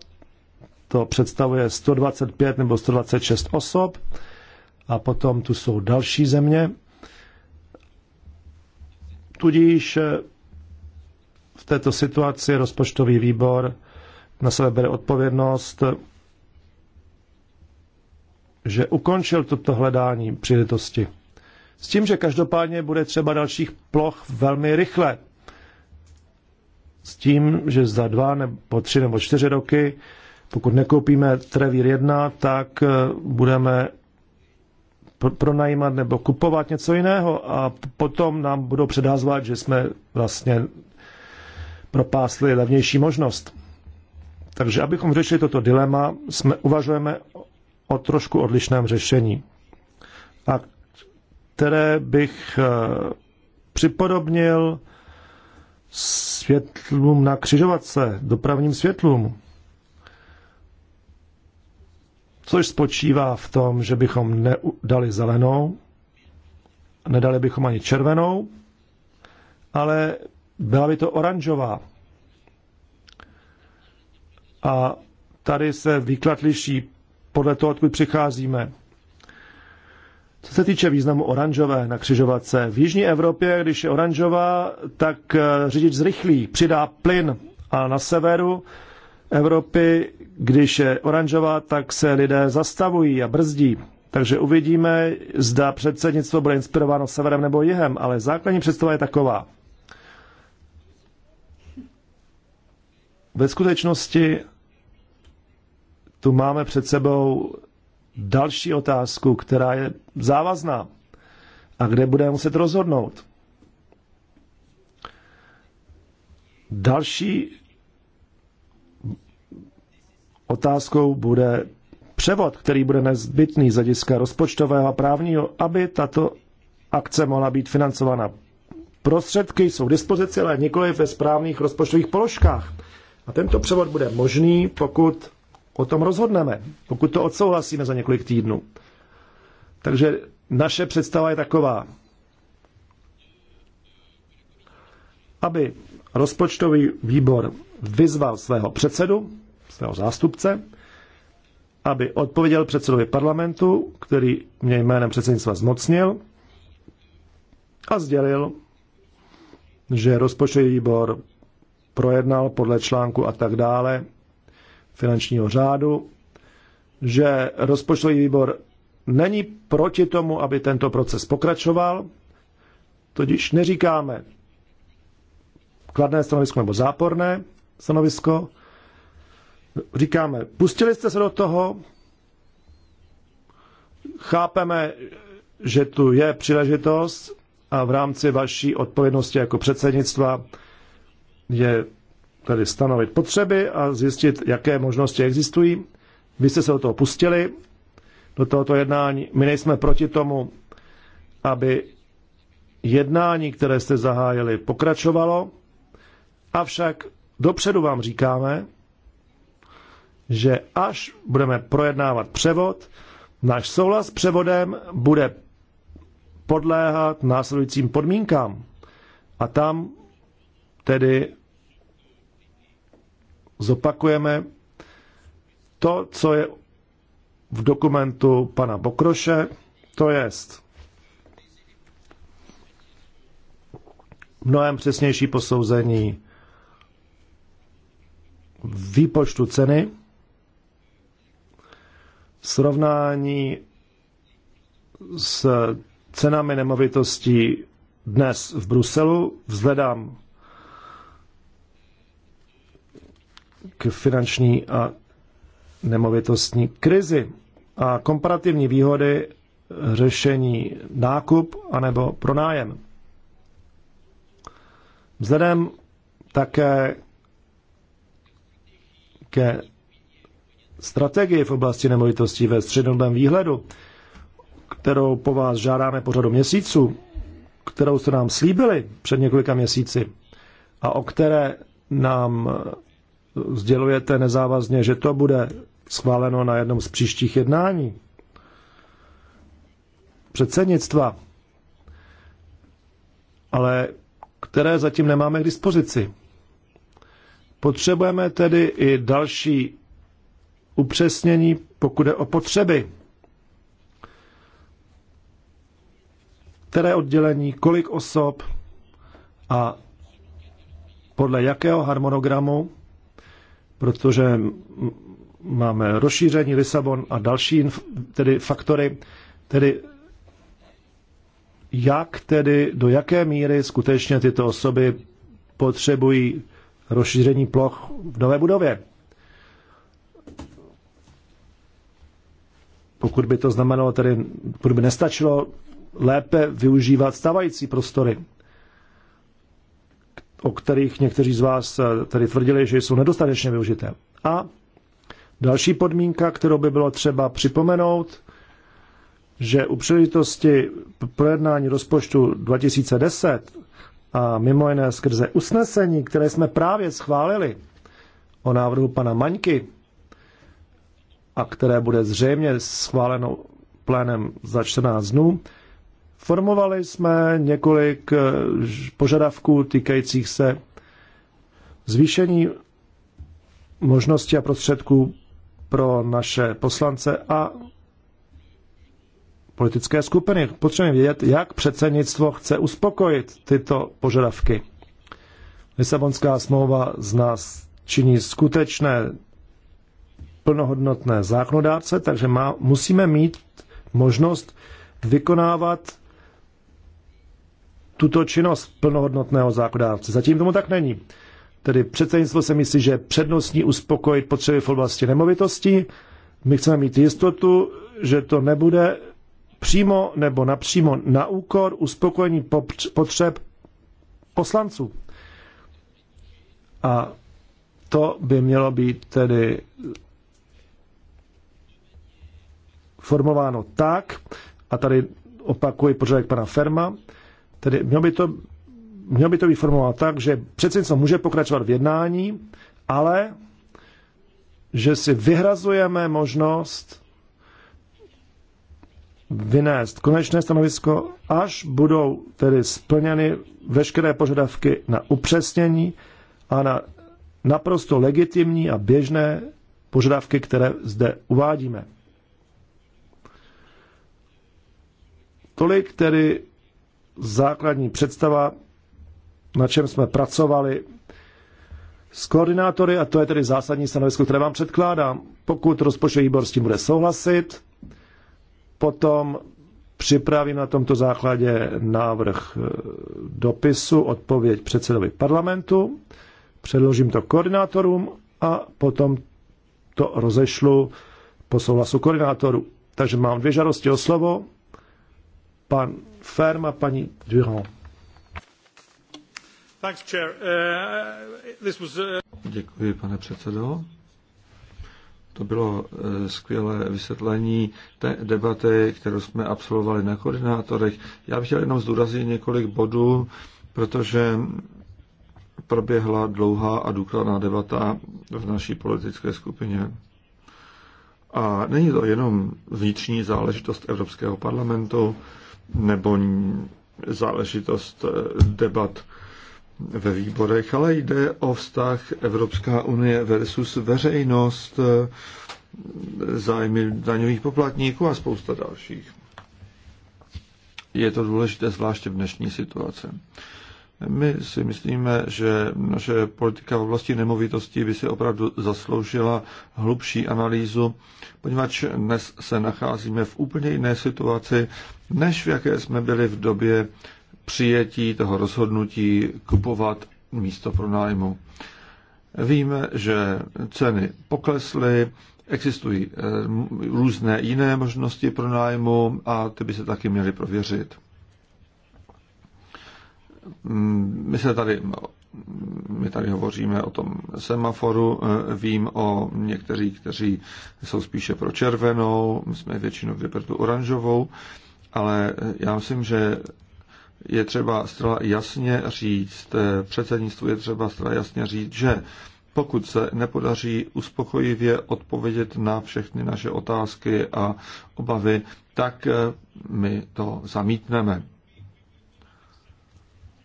to představuje 125 nebo 126 osob a potom tu jsou další země. Tudíž eh, v této situaci rozpočtový výbor na sebe bere odpovědnost, že ukončil toto hledání příležitosti. S tím, že každopádně bude třeba dalších ploch velmi rychle. S tím, že za dva nebo tři nebo čtyři roky pokud nekoupíme Trevír 1, tak eh, budeme pronajímat nebo kupovat něco jiného a potom nám budou předázvat, že jsme vlastně propásli levnější možnost. Takže abychom řešili toto dilema, jsme, uvažujeme o trošku odlišném řešení, a které bych eh, připodobnil světlům na křižovatce, dopravním světlům což spočívá v tom, že bychom nedali zelenou, nedali bychom ani červenou, ale byla by to oranžová. A tady se výklad liší podle toho, odkud přicházíme. Co se týče významu oranžové na křižovatce, v Jižní Evropě, když je oranžová, tak eh, řidič zrychlí, přidá plyn a na severu Evropy když je oranžová, tak se lidé zastavují a brzdí. Takže uvidíme, zda předsednictvo bude inspirováno severem nebo jihem, ale základní představa je taková. Ve skutečnosti tu máme před sebou další otázku, která je závazná a kde budeme muset rozhodnout. Další otázkou bude převod, který bude nezbytný z hlediska rozpočtového a právního, aby tato akce mohla být financována. Prostředky jsou v dispozici, ale nikoli ve správných rozpočtových položkách. A tento převod bude možný, pokud o tom rozhodneme, pokud to odsouhlasíme za několik týdnů. Takže naše představa je taková, aby rozpočtový výbor vyzval svého předsedu, svého zástupce, aby odpověděl předsedovi parlamentu, který mě jménem předsednictva zmocnil a sdělil, že rozpočtový výbor projednal podle článku a tak dále finančního řádu, že rozpočtový výbor není proti tomu, aby tento proces pokračoval, totiž neříkáme kladné stanovisko nebo záporné stanovisko, říkáme, pustili jste se do toho, chápeme, že tu je příležitost a v rámci vaší odpovědnosti jako předsednictva je tedy stanovit potřeby a zjistit, jaké možnosti existují. Vy jste se do toho pustili, do tohoto jednání. My nejsme proti tomu, aby jednání, které jste zahájili, pokračovalo, avšak dopředu vám říkáme, že až budeme projednávat převod, náš souhlas s převodem bude podléhat následujícím podmínkám. A tam tedy zopakujeme to, co je v dokumentu pana Bokroše, to jest mnohem přesnější posouzení výpočtu ceny srovnání s cenami nemovitostí dnes v Bruselu vzhledám k finanční a nemovitostní krizi a komparativní výhody řešení nákup anebo pronájem. Vzhledem také ke strategii v oblasti nemovitostí ve střednodobém výhledu, kterou po vás žádáme po řadu měsíců, kterou jste nám slíbili před několika měsíci a o které nám eh, sdělujete nezávazně, že to bude schváleno na jednom z příštích jednání předsednictva, ale které zatím nemáme k dispozici. Potřebujeme tedy i další upřesnění, pokud je o potřeby. Které oddělení, kolik osob a podle jakého harmonogramu, protože máme rozšíření Lisabon a další tedy faktory, tedy jak tedy, do jaké míry skutečně tyto osoby potřebují rozšíření ploch v nové budově. pokud by to znamenalo tedy, pokud by nestačilo lépe využívat stávající prostory, o kterých někteří z vás eh, tady tvrdili, že jsou nedostatečně využité. A další podmínka, kterou by bylo třeba připomenout, že u příležitosti projednání rozpočtu 2010 a mimo jiné skrze usnesení, které jsme právě schválili o návrhu pana Maňky, a které bude zřejmě schváleno plénem za 14 dnů, formovali jsme několik eh, požadavků týkajících se zvýšení možnosti a prostředků pro naše poslance a politické skupiny. Potřebujeme vědět, jak předsednictvo chce uspokojit tyto požadavky. Lisabonská smlouva z nás činí skutečné plnohodnotné zákonodárce, takže má, musíme mít možnost vykonávat tuto činnost plnohodnotného zákonodárce. Zatím tomu tak není. Tedy předsednictvo se myslí, že přednostní uspokojit potřeby v oblasti nemovitosti. My chceme mít jistotu, že to nebude přímo nebo napřímo na úkor uspokojení potřeb poslanců. A to by mělo být tedy formováno tak, a tady opakuji požadavek pana Ferma, tedy mělo by to, mělo by to být formováno tak, že předsednictvo může pokračovat v jednání, ale že si vyhrazujeme možnost vynést konečné stanovisko, až budou tedy splněny veškeré požadavky na upřesnění a na naprosto legitimní a běžné požadavky, které zde uvádíme. Tolik tedy základní představa, na čem jsme pracovali s koordinátory, a to je tedy zásadní stanovisko, které vám předkládám. Pokud rozpočtový výbor s tím bude souhlasit, potom připravím na tomto základě návrh eh, dopisu, odpověď předsedovi parlamentu, předložím to koordinátorům a potom to rozešlu po souhlasu koordinátorů. Takže mám dvě žádosti o slovo pan Ferm a paní Durand. Uh, uh, Děkuji, pane předsedo. To bylo uh, skvělé vysvětlení té debaty, kterou jsme absolvovali na koordinátorech. Já bych chtěl jenom zdůraznit několik bodů, protože proběhla dlouhá a důkladná debata v naší politické skupině. A není to jenom vnitřní záležitost Evropského parlamentu, nebo záležitost debat ve výborech, ale jde o vztah Evropská unie versus veřejnost, zájmy daňových poplatníků a spousta dalších. Je to důležité zvláště v dnešní situaci. My si myslíme, že naše politika v oblasti nemovitostí by si opravdu zasloužila hlubší analýzu, poněvadž dnes se nacházíme v úplně jiné situaci, než v jaké jsme byli v době přijetí toho rozhodnutí kupovat místo pro nájmu. Víme, že ceny poklesly, existují eh, různé jiné možnosti pro nájmu a ty by se taky měly prověřit my se tady, my tady hovoříme o tom semaforu, vím o některých, kteří jsou spíše pro červenou, my jsme většinou pro tu oranžovou, ale já myslím, že je třeba zcela jasně říct, předsednictvu je třeba zcela jasně říct, že pokud se nepodaří uspokojivě odpovědět na všechny naše otázky a obavy, tak my to zamítneme.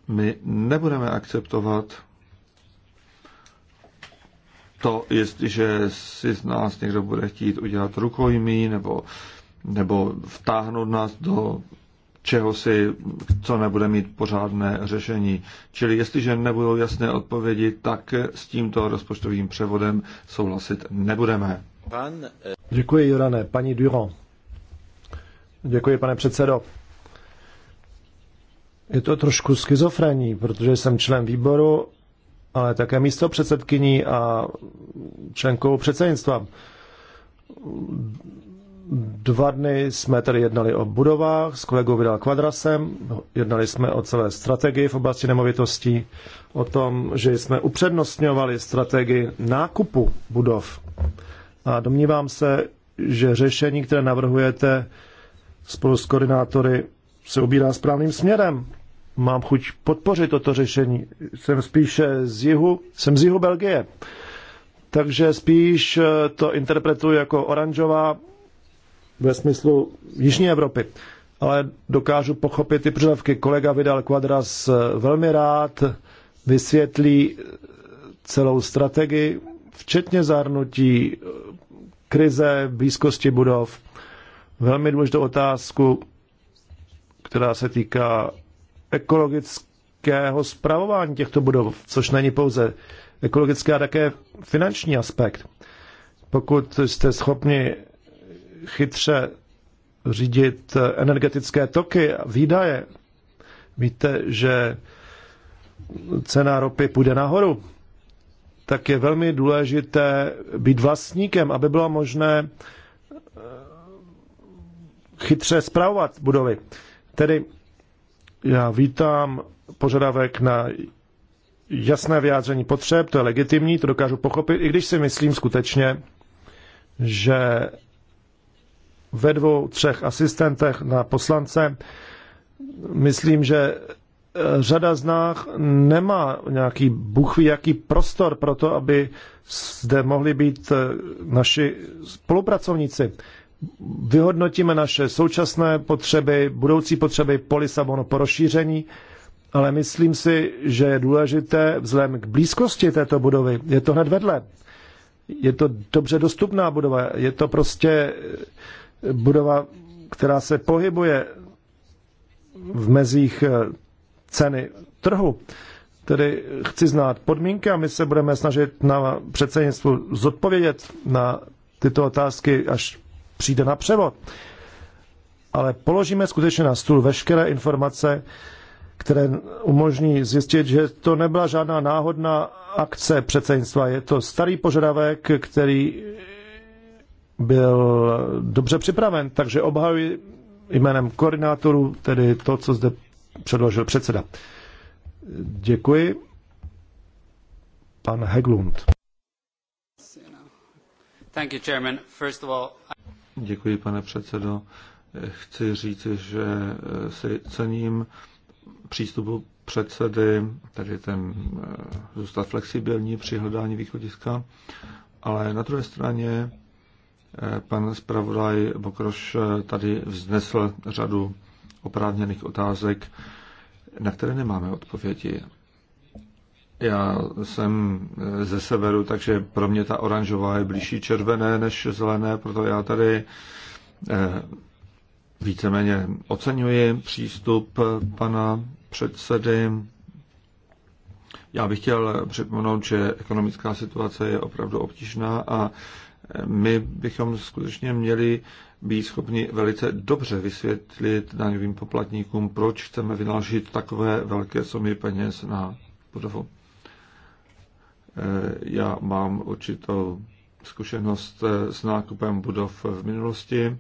My nebudeme akceptovat to, jestliže si z nás někdo bude chtít udělat rukojmí nebo, nebo vtáhnout nás do čeho si, co nebude mít pořádné řešení. Čili jestliže nebudou jasné odpovědi, tak s tímto rozpočtovým převodem souhlasit nebudeme. Pan... Děkuji, Jurane. Paní Duron. Děkuji, pane předsedo je to trošku schizofrení, protože jsem člen výboru, ale také místo předsedkyní a členkou předsednictva. Dva dny jsme tady jednali o budovách s kolegou Vidal Kvadrasem, jednali jsme o celé strategii v oblasti nemovitostí, o tom, že jsme upřednostňovali strategii nákupu budov. A domnívám se, že řešení, které navrhujete spolu s koordinátory se ubírá správným směrem. Mám chuť podpořit toto řešení. Jsem spíše z jihu, jsem z jihu Belgie. Takže spíš eh, to interpretuji jako oranžová ve smyslu Jižní Evropy. Ale dokážu pochopit ty požadavky. Kolega Vidal Quadras eh, velmi rád vysvětlí eh, celou strategii, včetně zahrnutí krize, blízkosti budov. Velmi důležitou otázku která se týká ekologického zpravování těchto budov, což není pouze ekologický a také finanční aspekt. Pokud jste schopni chytře řídit energetické toky a výdaje, víte, že cena ropy půjde nahoru, tak je velmi důležité být vlastníkem, aby bylo možné chytře zpravovat budovy. Tedy já vítám požadavek na jasné vyjádření potřeb, to je legitimní, to dokážu pochopit, i když si myslím skutečně, že ve dvou, třech asistentech na poslance, myslím, že eh, řada z nás nemá nějaký buchví, jaký prostor pro to, aby zde mohli být eh, naši spolupracovníci vyhodnotíme naše současné potřeby, budoucí potřeby po Lisabonu, po rozšíření, ale myslím si, že je důležité vzhledem k blízkosti této budovy. Je to hned vedle. Je to dobře dostupná budova. Je to prostě budova, která se pohybuje v mezích eh, ceny trhu. Tedy chci znát podmínky a my se budeme snažit na předsednictvu zodpovědět na tyto otázky, až přijde na převod. Ale položíme skutečně na stůl veškeré informace, které umožní zjistit, že to nebyla žádná náhodná akce předsednictva. Je to starý požadavek, který byl dobře připraven, takže obhajuji jménem koordinátorů, tedy to, co zde předložil předseda. Děkuji. Pan Heglund. Děkuji, pane předsedo. Chci říct, že eh, si cením přístupu předsedy, tedy ten eh, zůstat flexibilní při hledání východiska, ale na druhé straně eh, pan zpravodaj Bokroš tady vznesl řadu oprávněných otázek, na které nemáme odpovědi. Já jsem eh, ze severu, takže pro mě ta oranžová je blížší červené než zelené, proto já tady eh, víceméně oceňuji přístup eh, pana předsedy. Já bych chtěl připomenout, že ekonomická situace je opravdu obtížná a my bychom skutečně měli být schopni velice dobře vysvětlit daňovým poplatníkům, proč chceme vynaložit takové velké sumy peněz na budovu. Eh, já mám určitou zkušenost eh, s nákupem budov v minulosti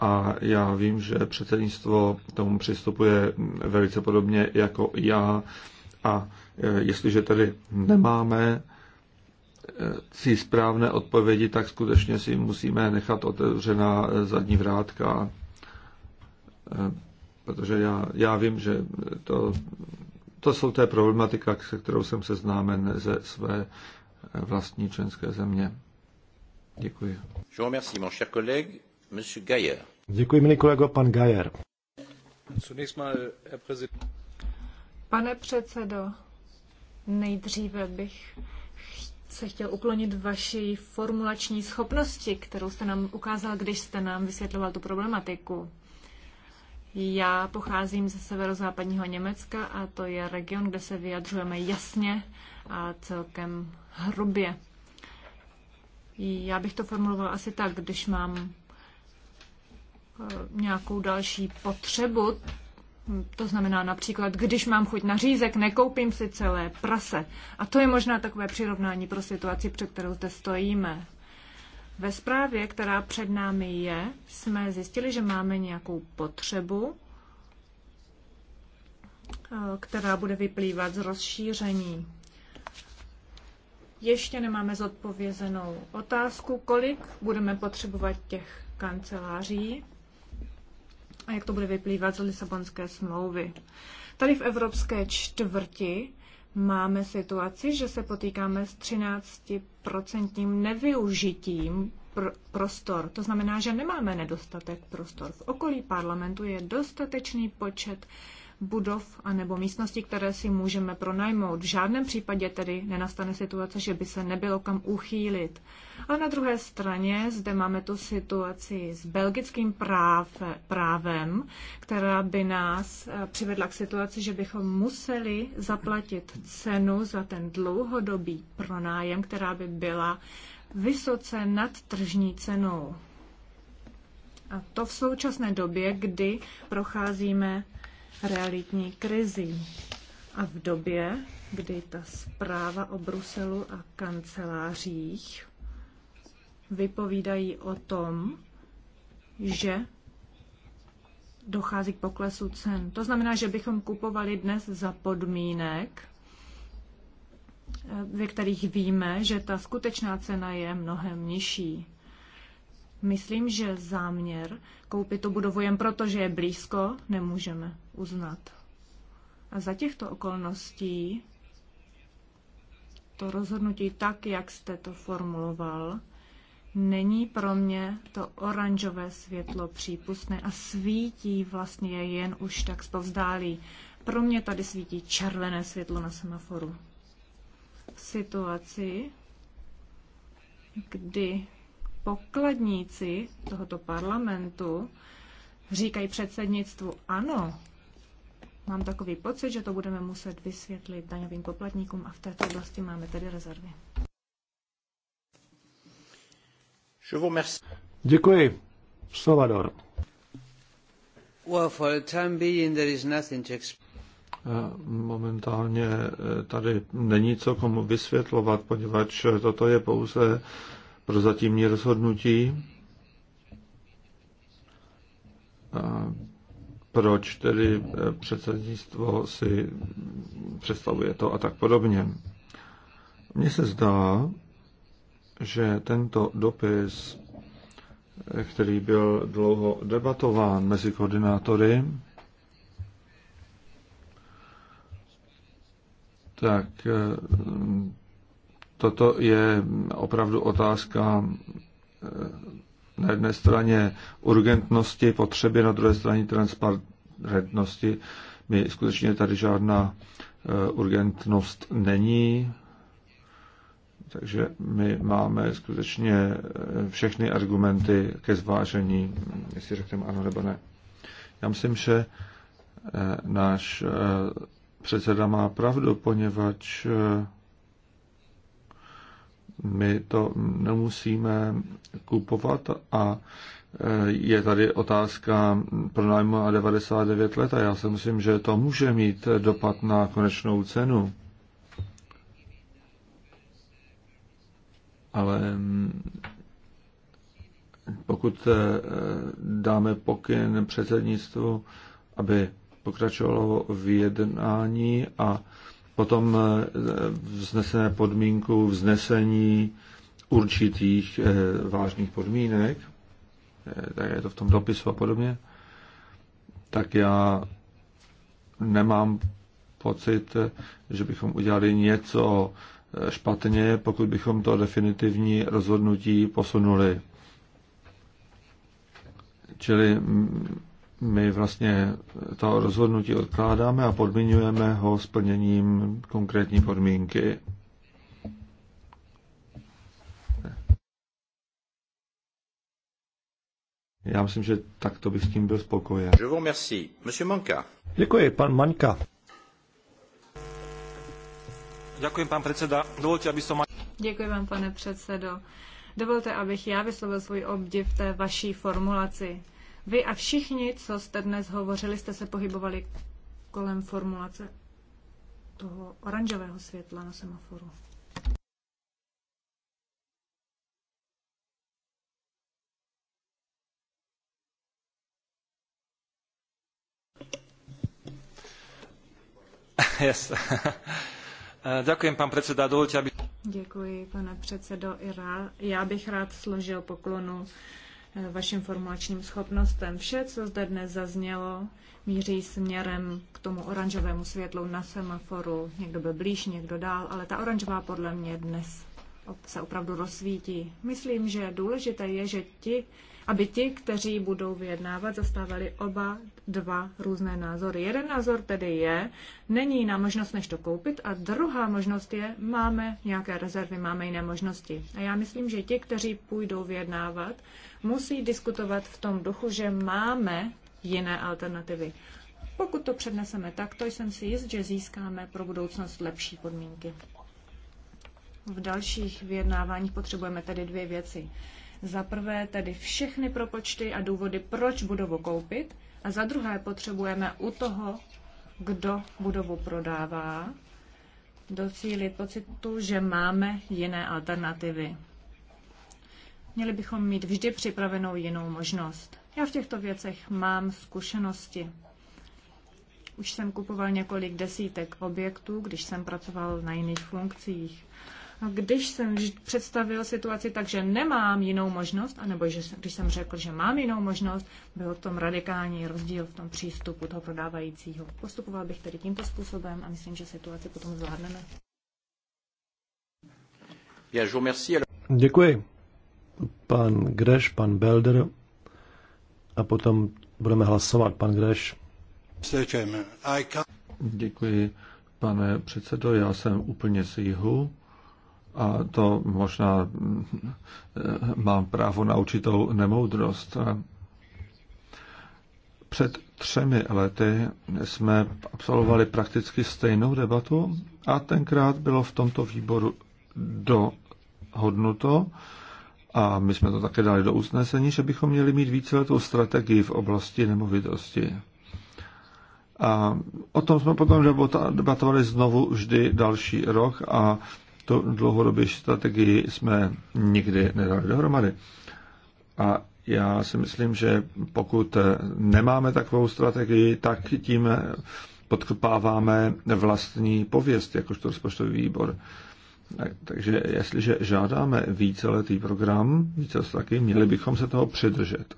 a já vím, že předsednictvo tomu přistupuje mm, velice podobně jako já a eh, jestliže tedy nemáme si správné odpovědi, tak skutečně si musíme nechat otevřená zadní vrátka, protože já, já vím, že to to jsou té problematika, se kterou jsem seznámen ze své eh, vlastní členské země. Děkuji. Je remercie, mon cher collègue, monsieur Gayer. Děkuji, milý kolego, pan Gajer. Pane předsedo, nejdříve bych se chtěl uklonit vaší formulační schopnosti, kterou jste nám ukázal, když jste nám vysvětloval tu problematiku. Já pocházím ze severozápadního Německa a to je region, kde se vyjadřujeme jasně a celkem hrubě. Já bych to formulovala asi tak, když mám eh, nějakou další potřebu, to znamená například, když mám chuť na řízek, nekoupím si celé prase. A to je možná takové přirovnání pro situaci, před kterou zde stojíme. Ve zprávě, která před námi je, jsme zjistili, že máme nějakou potřebu, eh, která bude vyplývat z rozšíření. Ještě nemáme zodpovězenou otázku, kolik budeme potřebovat těch kanceláří a jak to bude vyplývat z Lisabonské smlouvy. Tady v Evropské čtvrti máme situaci, že se potýkáme s 13% nevyužitím pr- prostor. To znamená, že nemáme nedostatek prostor. V okolí parlamentu je dostatečný počet uh, budov a nebo místnosti, které si můžeme pronajmout. V žádném případě tedy nenastane situace, že by se nebylo kam uchýlit. A na druhé straně zde máme tu situaci s belgickým práv, právem, která by nás eh, přivedla k situaci, že bychom museli zaplatit cenu za ten dlouhodobý pronájem, která by byla vysoce nad tržní cenou. A to v současné době, kdy procházíme realitní krizí. A v době, kdy ta zpráva o Bruselu a kancelářích vypovídají o tom, že dochází k poklesu cen. To znamená, že bychom kupovali dnes za podmínek, ve kterých víme, že ta skutečná cena je mnohem nižší. Myslím, že záměr koupit tu budovu jen proto, že je blízko, nemůžeme uznat. A za těchto okolností to rozhodnutí tak, jak jste to formuloval, není pro mě to oranžové světlo přípustné a svítí vlastně jen už tak zpovzdálí. Pro mě tady svítí červené světlo na semaforu. V situaci, kdy pokladníci tohoto parlamentu říkají předsednictvu ano, mám takový pocit, že to budeme muset vysvětlit daňovým poplatníkům a v této oblasti máme tedy rezervy. Děkuji. Salvador. Eh, momentálně eh, tady není co komu vysvětlovat, poněvadž toto je pouze prozatímní rozhodnutí. A proč tedy eh, předsednictvo si představuje to a tak podobně. Mně se zdá, že tento dopis, eh, který byl dlouho debatován mezi koordinátory, tak eh, toto je opravdu otázka eh, na jedné straně urgentnosti, potřeby, na druhé straně transparentnosti. My skutečně tady žádná eh, urgentnost není, takže my máme skutečně eh, všechny argumenty ke zvážení, jestli řekneme ano nebo ne. Já myslím, že náš předseda má pravdu, poněvadž my to nemusíme kupovat a e, je tady otázka pro nájmu a 99 let a já si myslím, že to může mít dopad na konečnou cenu. Ale mm, pokud e, dáme pokyn předsednictvu, aby pokračovalo v jednání a potom eh, vznesené podmínku vznesení určitých eh, vážných podmínek, eh, tak je to v tom dopisu a podobně, tak já nemám pocit, že bychom udělali něco špatně, pokud bychom to definitivní rozhodnutí posunuli. Čili mm, my vlastně to rozhodnutí odkládáme a podmiňujeme ho splněním konkrétní podmínky. Já myslím, že tak to bych s tím byl spokojen. Je vous remercie. Monsieur Manka. Děkuji, pan Maňka. Děkuji, pan předseda. Dovolte, aby som... Děkuji vám, pane předsedo. Dovolte, abych já vyslovil svůj obdiv té vaší formulaci. Vy a všichni, co jste dnes hovořili, jste se pohybovali kolem formulace toho oranžového světla na semaforu. [laughs] Yes. Děkuji, eh, pan předseda. Dovolte, aby... Děkuji, pane předsedo. Já bych rád složil poklonu vašim formulačním schopnostem. Vše, co zde dnes zaznělo, míří směrem k tomu oranžovému světlu na semaforu. Někdo byl blíž, někdo dál, ale ta oranžová podle mě dnes se opravdu rozsvítí. Myslím, že důležité je, že ti, aby ti, kteří budou vyjednávat, zastávali oba dva různé názory. Jeden názor tedy je, není jiná možnost, než to koupit, a druhá možnost je, máme nějaké rezervy, máme jiné možnosti. A já myslím, že ti, kteří půjdou vyjednávat, musí diskutovat v tom duchu, že máme jiné alternativy. Pokud to předneseme tak, to jsem si jist, že získáme pro budoucnost lepší podmínky. V dalších vyjednáváních potřebujeme tedy dvě věci. Za prvé tedy všechny propočty a důvody, proč budovu koupit, a za druhé potřebujeme u toho, kdo budovu prodává, docílit pocitu, že máme jiné alternativy. Měli bychom mít vždy připravenou jinou možnost. Já v těchto věcech mám zkušenosti. Už jsem kupoval několik desítek objektů, když jsem pracoval na jiných funkcích když jsem představil situaci tak, že nemám jinou možnost, anebo že, když jsem řekl, že mám jinou možnost, byl v tom radikální rozdíl v tom přístupu toho prodávajícího. Postupoval bych tedy tímto způsobem a myslím, že situaci potom zvládneme. Děkuji. Pan Greš, pan Belder a potom budeme hlasovat. Pan Greš. Děkuji, pane předsedo. Já jsem úplně z jihu a to možná eh, mám právo na určitou nemoudrost. Před třemi lety jsme absolvovali prakticky stejnou debatu a tenkrát bylo v tomto výboru dohodnuto, a my jsme to také dali do usnesení, že bychom měli mít víceletou strategii v oblasti nemovitosti. A o tom jsme potom debatovali znovu vždy další rok a to dlouhodobě strategii jsme nikdy nedali dohromady. A já si myslím, že pokud nemáme takovou strategii, tak tím podkopáváme vlastní pověst, jakožto rozpočtový výbor. Takže jestliže žádáme víceletý program, více taky, měli bychom se toho přidržet.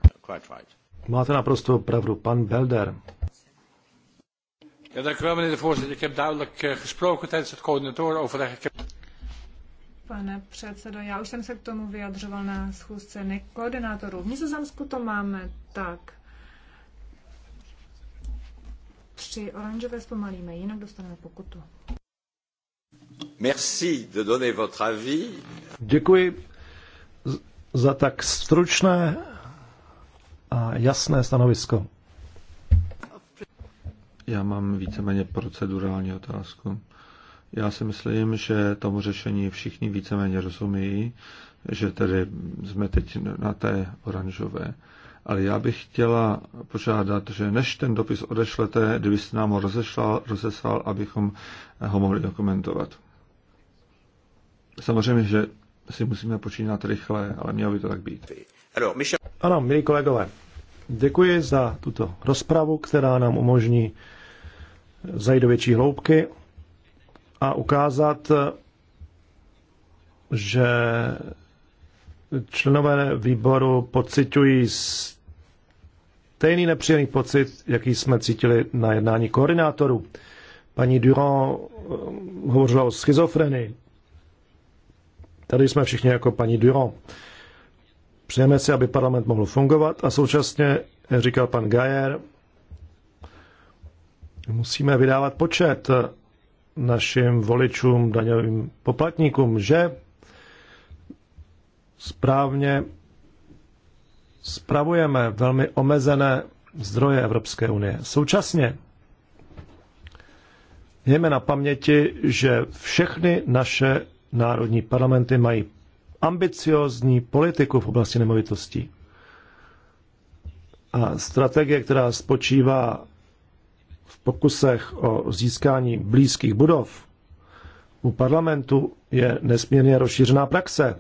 Máte naprosto pravdu, pan Belder. Ja, dank u wel, meneer de voorzitter. Ik heb duidelijk eh, gesproken tijdens het coördinatoroverleg. heb pane předsedo. Já už jsem se k tomu vyjadřoval na schůzce koordinátorů. V Nizozemsku to máme tak. Tři oranžové zpomalíme, jinak dostaneme pokutu. Merci de donner votre avis. Děkuji za tak stručné a jasné stanovisko. Já mám víceméně procedurální otázku. Já si myslím, že tomu řešení všichni víceméně rozumí, že tedy jsme teď na té oranžové. Ale já bych chtěla požádat, že než ten dopis odešlete, kdybyste nám ho rozešlal, rozeslal, abychom ho mohli dokumentovat. Samozřejmě, že si musíme počínat rychle, ale mělo by to tak být. Ano, milí kolegové, děkuji za tuto rozpravu, která nám umožní zajít do větší hloubky a ukázat, že členové výboru pocitují stejný nepříjemný pocit, jaký jsme cítili na jednání koordinátorů. Paní Durand eh, hovořila o schizofrenii. Tady jsme všichni jako paní Durand. Přejeme si, aby parlament mohl fungovat a současně, říkal pan Gajer, musíme vydávat počet našim voličům, daňovým poplatníkům, že správně spravujeme velmi omezené zdroje Evropské unie. Současně mějme na paměti, že všechny naše národní parlamenty mají ambiciozní politiku v oblasti nemovitostí. A strategie, která spočívá v pokusech o získání blízkých budov u parlamentu je nesmírně rozšířená praxe.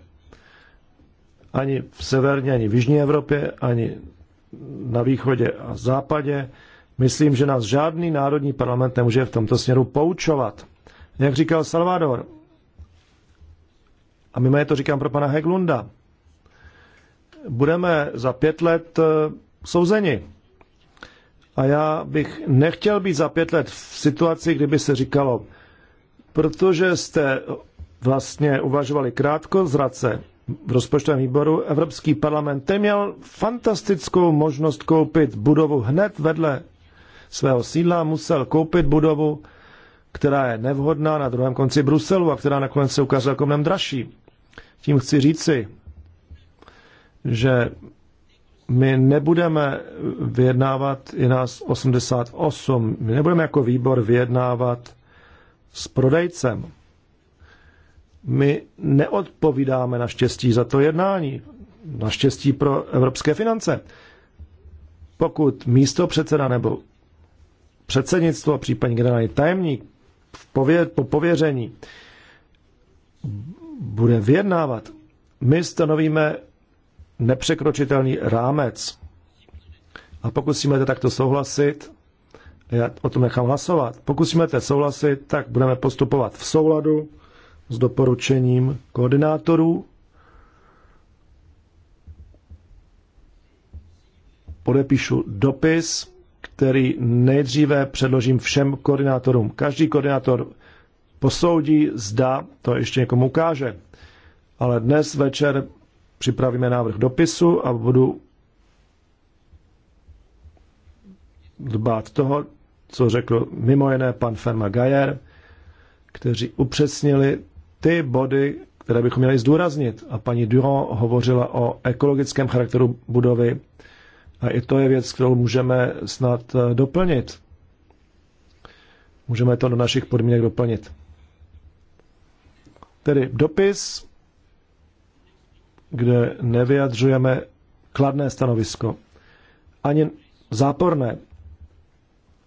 Ani v severní, ani v jižní Evropě, ani na východě a západě. Myslím, že nás žádný národní parlament nemůže v tomto směru poučovat. Jak říkal Salvador, a mimo je to říkám pro pana Heglunda, budeme za pět let eh, souzeni. A já bych nechtěl být za pět let v situaci, kdyby se říkalo, protože jste vlastně uvažovali krátko zrace v rozpočtovém výboru, Evropský parlament ten měl fantastickou možnost koupit budovu hned vedle svého sídla, musel koupit budovu, která je nevhodná na druhém konci Bruselu a která nakonec se ukázala jako mnohem dražší. Tím chci říci, že my nebudeme vyjednávat, je nás 88, my nebudeme jako výbor vyjednávat s prodejcem. My neodpovídáme naštěstí za to jednání, naštěstí pro evropské finance. Pokud místo předseda nebo předsednictvo, případně generální tajemník pově, po pověření bude vyjednávat, my stanovíme nepřekročitelný rámec. A pokud si budete takto souhlasit, já o tom nechám hlasovat, pokud si budete souhlasit, tak budeme postupovat v souladu s doporučením koordinátorů. Podepíšu dopis, který nejdříve předložím všem koordinátorům. Každý koordinátor posoudí, zda to ještě někomu ukáže. Ale dnes večer připravíme návrh dopisu a budu dbát toho, co řekl mimo jiné pan Ferma Gajer, kteří upřesnili ty body, které bychom měli zdůraznit. A paní Durand hovořila o ekologickém charakteru budovy. A i to je věc, kterou můžeme snad eh, doplnit. Můžeme to do našich podmínek doplnit. Tedy dopis kde nevyjadřujeme kladné stanovisko, ani záporné.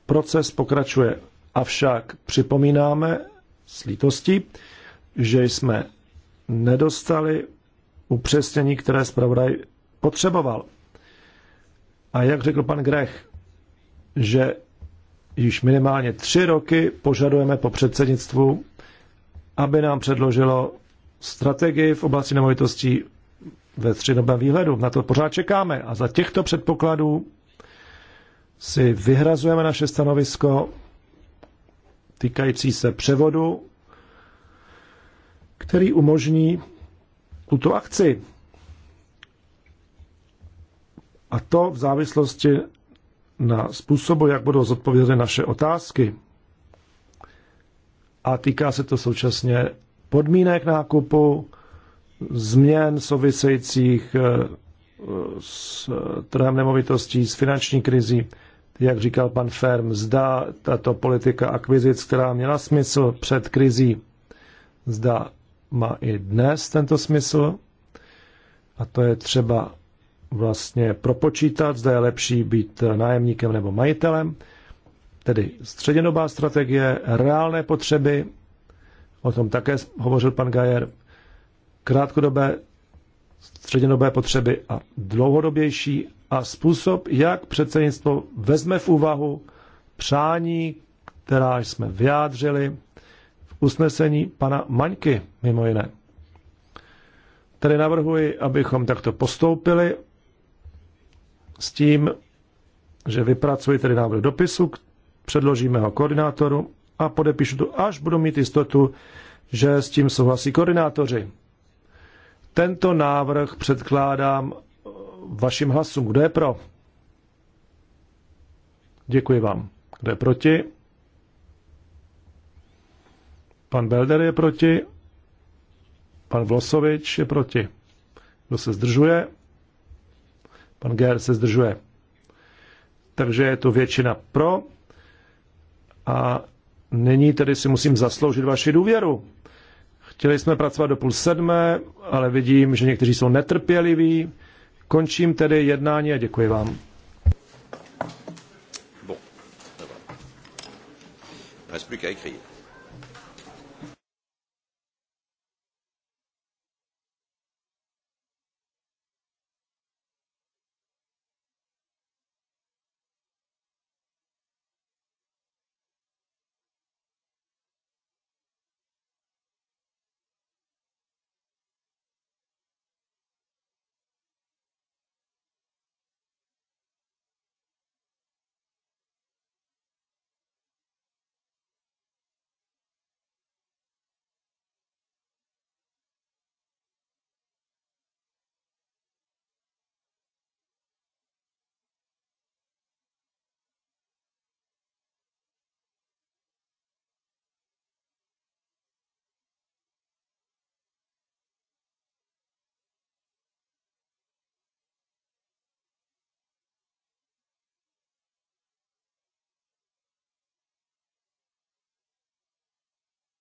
Proces pokračuje, avšak připomínáme s lítostí, že jsme nedostali upřesnění, které zpravodaj potřeboval. A jak řekl pan Grech, že již minimálně tři roky požadujeme po předsednictvu, aby nám předložilo strategii v oblasti nemovitostí ve středobém výhledu. Na to pořád čekáme a za těchto předpokladů si vyhrazujeme naše stanovisko týkající se převodu, který umožní tuto akci. A to v závislosti na způsobu, jak budou zodpovězeny naše otázky. A týká se to současně podmínek nákupu, změn souvisejících eh, s trhem nemovitostí, s finanční krizí, jak říkal pan Ferm, zda tato politika akvizic, která měla smysl před krizí, zda má i dnes tento smysl. A to je třeba vlastně propočítat, zda je lepší být nájemníkem nebo majitelem. Tedy střednědobá strategie, reálné potřeby, o tom také hovořil pan Gajer, krátkodobé, střednědobé potřeby a dlouhodobější a způsob, jak předsednictvo vezme v úvahu přání, která jsme vyjádřili v usnesení pana Maňky, mimo jiné. Tedy navrhuji, abychom takto postoupili s tím, že vypracuji tedy návrh dopisu, předložíme ho koordinátoru a podepíšu to, až budu mít jistotu, že s tím souhlasí koordinátoři. Tento návrh předkládám eh, vašim hlasům. Kdo je pro? Děkuji vám. Kdo je proti? Pan Belder je proti. Pan Vlosovič je proti. Kdo se zdržuje? Pan Ger se zdržuje. Takže je to většina pro. A nyní tedy si musím zasloužit vaši důvěru. Chtěli jsme pracovat do půl sedmé, ale vidím, že někteří jsou netrpěliví. Končím tedy jednání a děkuji vám. Bon, ça va. Il ne reste plus qu'à écrire.